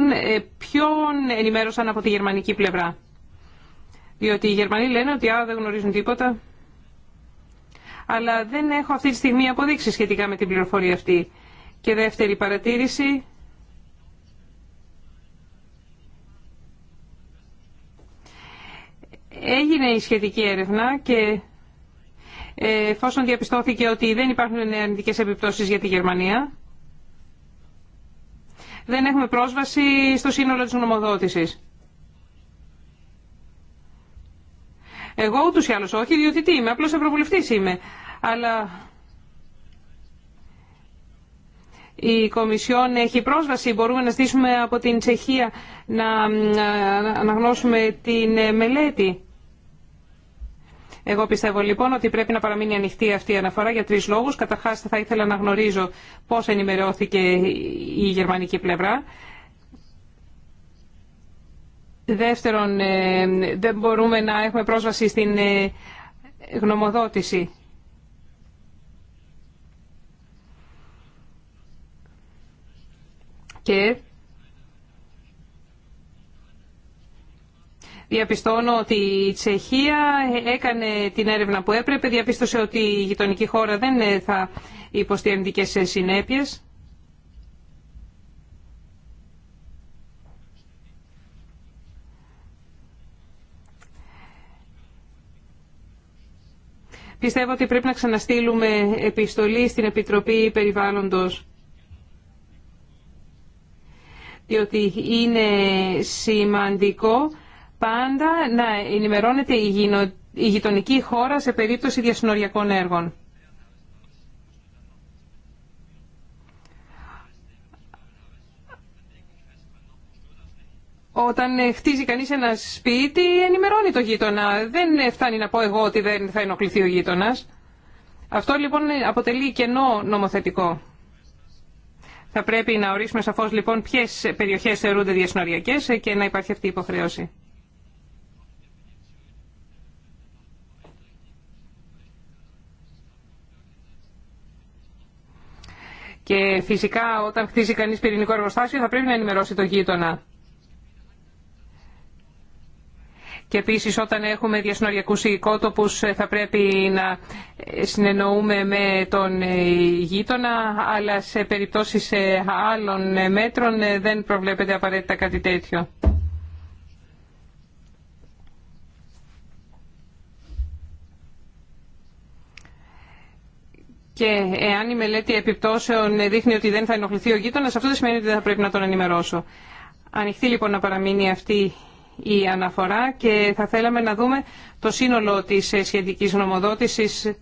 ποιον ενημέρωσαν από τη γερμανική πλευρά. Διότι οι Γερμανοί λένε ότι δεν γνωρίζουν τίποτα. Αλλά δεν έχω αυτή τη στιγμή αποδείξει σχετικά με την πληροφορία αυτή. Και δεύτερη παρατήρηση. Έγινε η σχετική έρευνα και ε, εφόσον διαπιστώθηκε ότι δεν υπάρχουν αρνητικέ επιπτώσεις για τη Γερμανία, δεν έχουμε πρόσβαση στο σύνολο της νομοδότησης. Εγώ ούτως ή άλλως όχι, διότι τι είμαι, απλώς ευρωβουλευτής είμαι. Αλλά η Κομισιόν έχει πρόσβαση, μπορούμε να στήσουμε από την Τσεχία να αναγνώσουμε την ε, μελέτη. Εγώ πιστεύω λοιπόν ότι πρέπει να παραμείνει ανοιχτή αυτή η αναφορά για τρεις λόγους. Καταρχάς θα ήθελα να γνωρίζω πώς ενημερώθηκε η γερμανική πλευρά. Δεύτερον, ε, δεν μπορούμε να έχουμε πρόσβαση στην ε, γνωμοδότηση. Και διαπιστώνω ότι η Τσεχία έκανε την έρευνα που έπρεπε, διαπίστωσε ότι η γειτονική χώρα δεν ε, θα υποστεί αρνητικές συνέπειες. Πιστεύω ότι πρέπει να ξαναστείλουμε επιστολή στην Επιτροπή Περιβάλλοντος διότι είναι σημαντικό πάντα να ενημερώνεται η γειτονική χώρα σε περίπτωση διασυνοριακών έργων. Όταν ε, χτίζει κανείς ένα σπίτι, ενημερώνει το γείτονα. Δεν ε, φτάνει να πω εγώ ότι δεν θα ενοχληθεί ο γείτονα. Αυτό λοιπόν ε, αποτελεί κενό νομοθετικό. Θα πρέπει να ορίσουμε σαφώς λοιπόν ποιες περιοχές θεωρούνται διασυνοριακές και να υπάρχει αυτή η υποχρέωση. Και φυσικά όταν χτίζει κανείς πυρηνικό εργοστάσιο θα πρέπει να ενημερώσει το γείτονα. Και επίσης όταν έχουμε διασυνοριακούς οικότοπους ε, θα πρέπει να ε, συνεννοούμε με τον ε, γείτονα, αλλά σε περιπτώσεις άλλων μέτρων δεν προβλέπεται απαραίτητα κάτι τέτοιο. Και εάν η μελέτη επιπτώσεων δείχνει ότι δεν θα ενοχληθεί ο γείτονα, αυτό δεν σημαίνει ότι δεν θα πρέπει να τον ενημερώσω. Ανοιχτή λοιπόν να παραμείνει αυτή η αναφορά και θα θέλαμε να δούμε το σύνολο της ε, σχετικής νομοδότησης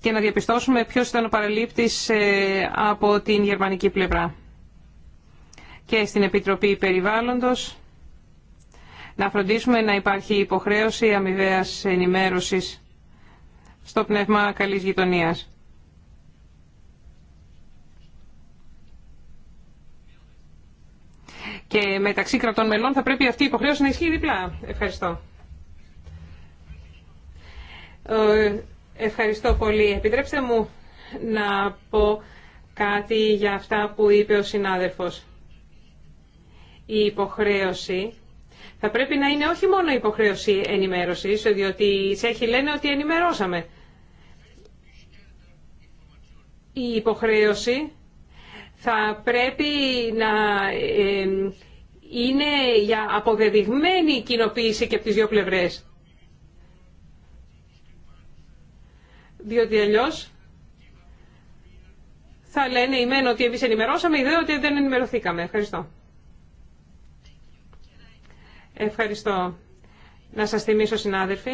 και να διαπιστώσουμε ποιος ήταν ο παραλήπτης ε, από την γερμανική πλευρά. Και στην Επιτροπή Περιβάλλοντος να φροντίσουμε να υπάρχει υποχρέωση αμοιβαίας ενημέρωσης στο πνεύμα καλής γειτονίας. και μεταξύ κρατών μελών θα πρέπει αυτή η υποχρέωση να ισχύει διπλά. Ευχαριστώ. Ε, ευχαριστώ πολύ. Επιτρέψτε μου να πω κάτι για αυτά που είπε ο συνάδελφος. Η υποχρέωση θα πρέπει να είναι όχι μόνο υποχρέωση ενημέρωσης, διότι οι Τσέχοι λένε ότι ενημερώσαμε. Η υποχρέωση θα πρέπει να είναι για αποδεδειγμένη κοινοποίηση και από τις δύο πλευρές. Διότι αλλιώς θα λένε μένω ότι εμείς ενημερώσαμε, δε ότι δεν ενημερωθήκαμε. Ευχαριστώ. Ευχαριστώ. Να σας θυμίσω, συνάδελφοι,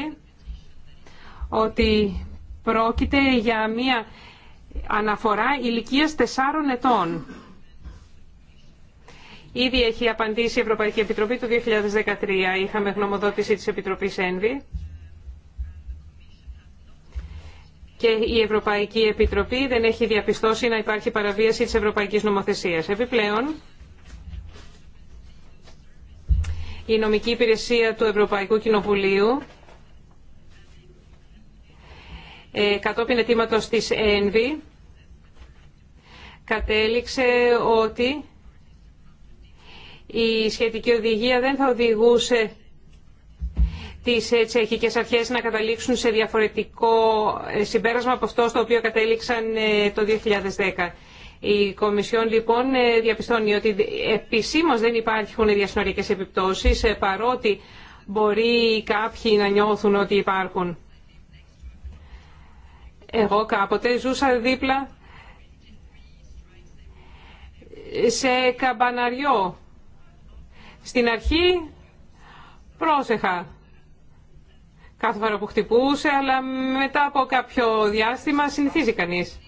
ότι πρόκειται για μία αναφορά ηλικίας 4 ετών. Ήδη έχει απαντήσει η Ευρωπαϊκή Επιτροπή το 2013. Είχαμε γνωμοδότηση της Επιτροπής ΕΝΒΗ. και η Ευρωπαϊκή Επιτροπή δεν έχει διαπιστώσει να υπάρχει παραβίαση της Ευρωπαϊκής Νομοθεσίας. Επιπλέον, η νομική υπηρεσία του Ευρωπαϊκού Κοινοβουλίου ε, κατόπιν αιτήματος της ΕΝΒΗ κατέληξε ότι η σχετική οδηγία δεν θα οδηγούσε τις ε, τσεχικές αρχές να καταλήξουν σε διαφορετικό ε, συμπέρασμα από αυτό στο οποίο κατέληξαν το 2010. Η Κομισιόν λοιπόν διαπιστώνει ότι επισήμως δεν υπάρχουν διασυνοριακές επιπτώσεις παρότι μπορεί κάποιοι να νιώθουν ότι υπάρχουν. Εγώ κάποτε ζούσα δίπλα σε καμπαναριό. Στην αρχή πρόσεχα κάθε φορά που χτυπούσε, αλλά μετά από κάποιο διάστημα συνηθίζει κανείς.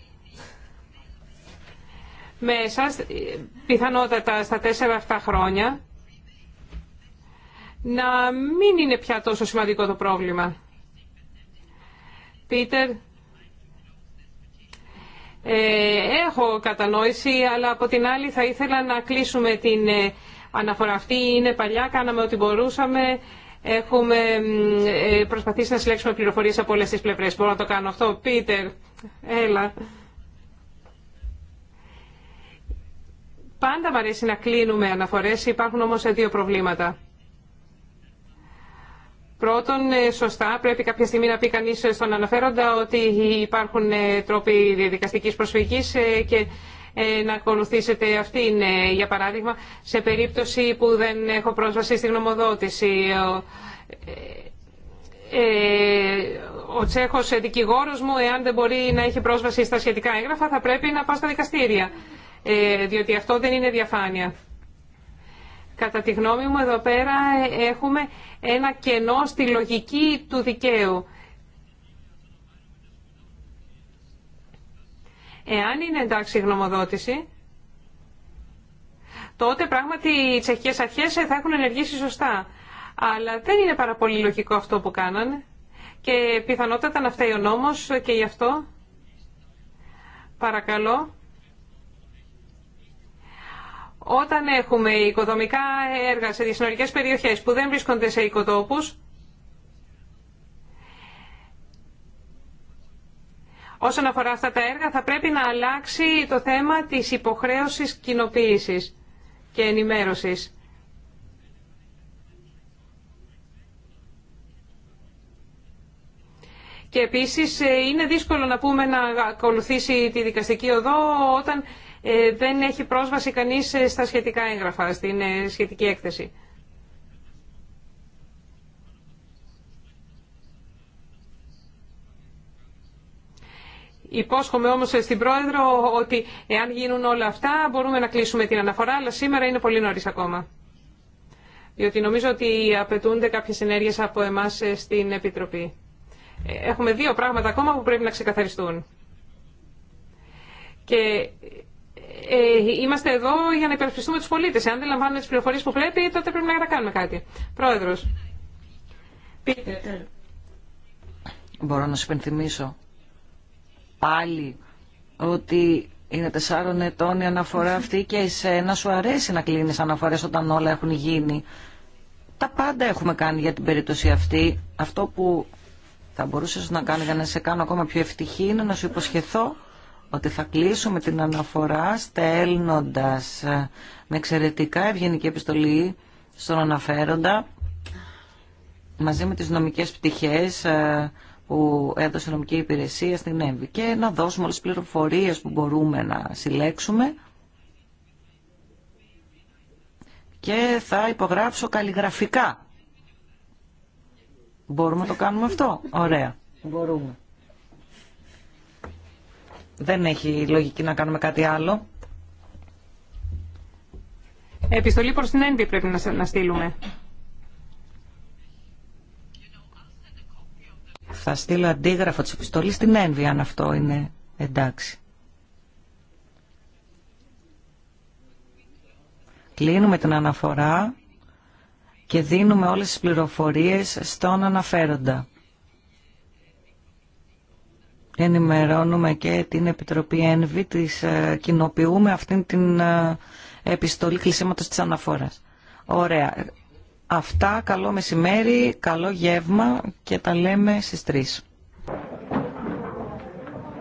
Μέσα, πιθανότατα στα τέσσερα αυτά χρόνια, να μην είναι πια τόσο σημαντικό το πρόβλημα. Πίτερ, ε, έχω κατανόηση, αλλά από την άλλη θα ήθελα να κλείσουμε την ε, αναφορά αυτή. Είναι παλιά, κάναμε ό,τι μπορούσαμε. Έχουμε ε, προσπαθήσει να συλλέξουμε πληροφορίες από όλες τις πλευρές. Μπορώ να το κάνω αυτό. Πίτερ, έλα. Πάντα μου αρέσει να κλείνουμε αναφορές. Υπάρχουν όμως δύο προβλήματα. Πρώτον, ε, σωστά, πρέπει κάποια στιγμή να πει κανεί στον αναφέροντα ότι υπάρχουν ε, τρόποι διαδικαστική προσφυγή ε, και να ακολουθήσετε αυτήν, για παράδειγμα, σε περίπτωση που δεν έχω πρόσβαση στη γνωμοδότηση. Ο Τσέχος δικηγόρος μου, εάν δεν μπορεί να έχει πρόσβαση στα σχετικά έγγραφα, θα πρέπει να πάω στα δικαστήρια, διότι αυτό δεν είναι διαφάνεια. Κατά τη γνώμη μου εδώ πέρα ε, έχουμε ένα κενό στη λογική του δικαίου. Εάν είναι εντάξει η γνωμοδότηση, τότε πράγματι οι τσεχικές αρχές ε, θα έχουν ενεργήσει σωστά. Αλλά δεν είναι πάρα πολύ λογικό αυτό που κάνανε και πιθανότατα να φταίει ο νόμος ε, και γι' αυτό παρακαλώ όταν έχουμε οικοδομικά έργα σε δυσνορικές περιοχές που δεν βρίσκονται σε οικοτόπους, όσον αφορά αυτά τα έργα θα πρέπει να αλλάξει το θέμα της υποχρέωσης κοινοποίησης και ενημέρωσης. Και επίσης ε, είναι δύσκολο να πούμε να ακολουθήσει τη δικαστική οδό όταν ε, δεν έχει πρόσβαση κανείς ε, στα σχετικά έγγραφα, στην ε, σχετική έκθεση. Υπόσχομαι όμως στην Πρόεδρο ότι εάν γίνουν όλα αυτά μπορούμε να κλείσουμε την αναφορά, αλλά σήμερα είναι πολύ νωρίς ακόμα. Διότι νομίζω ότι απαιτούνται κάποιες ενέργειες από εμάς στην Επιτροπή. Έχουμε δύο πράγματα ακόμα που πρέπει να ξεκαθαριστούν. Και ε, είμαστε εδώ για να υπερασπιστούμε του πολίτε. Αν δεν λαμβάνουμε τι πληροφορίες που πρέπει, τότε πρέπει να κάνουμε κάτι. Πρόεδρος. Πείτε. Μπορώ να σου υπενθυμίσω πάλι ότι είναι τεσσάρων ετών η αναφορά αυτή και εσένα σου αρέσει να κλείνεις αναφορές όταν όλα έχουν γίνει. Τα πάντα έχουμε κάνει για την περίπτωση αυτή. Αυτό που θα μπορούσες να κάνει για να σε κάνω ακόμα πιο ευτυχή είναι να σου υποσχεθώ ότι θα κλείσουμε την αναφορά στέλνοντας ε, με εξαιρετικά ευγενική επιστολή στον αναφέροντα μαζί με τις νομικές πτυχές ε, που έδωσε η νομική υπηρεσία στην ΕΜΒΗ και να δώσουμε όλες τις πληροφορίες που μπορούμε να συλλέξουμε και θα υπογράψω καλλιγραφικά. Μπορούμε να το κάνουμε αυτό. Ωραία. Μπορούμε. Δεν έχει λογική να κάνουμε κάτι άλλο. Επιστολή προς την ΕΝΒΙ πρέπει να στείλουμε. Θα στείλω αντίγραφο της επιστολής στην ΕΝΒΙ αν αυτό είναι εντάξει. Κλείνουμε την αναφορά και δίνουμε όλες τις πληροφορίες στον αναφέροντα ενημερώνουμε και την Επιτροπή ΕΝΒΗ, της ε, κοινοποιούμε αυτήν την ε, επιστολή κλεισίματος της αναφόρας. Ωραία. Αυτά, καλό μεσημέρι, καλό γεύμα και τα λέμε στις 3.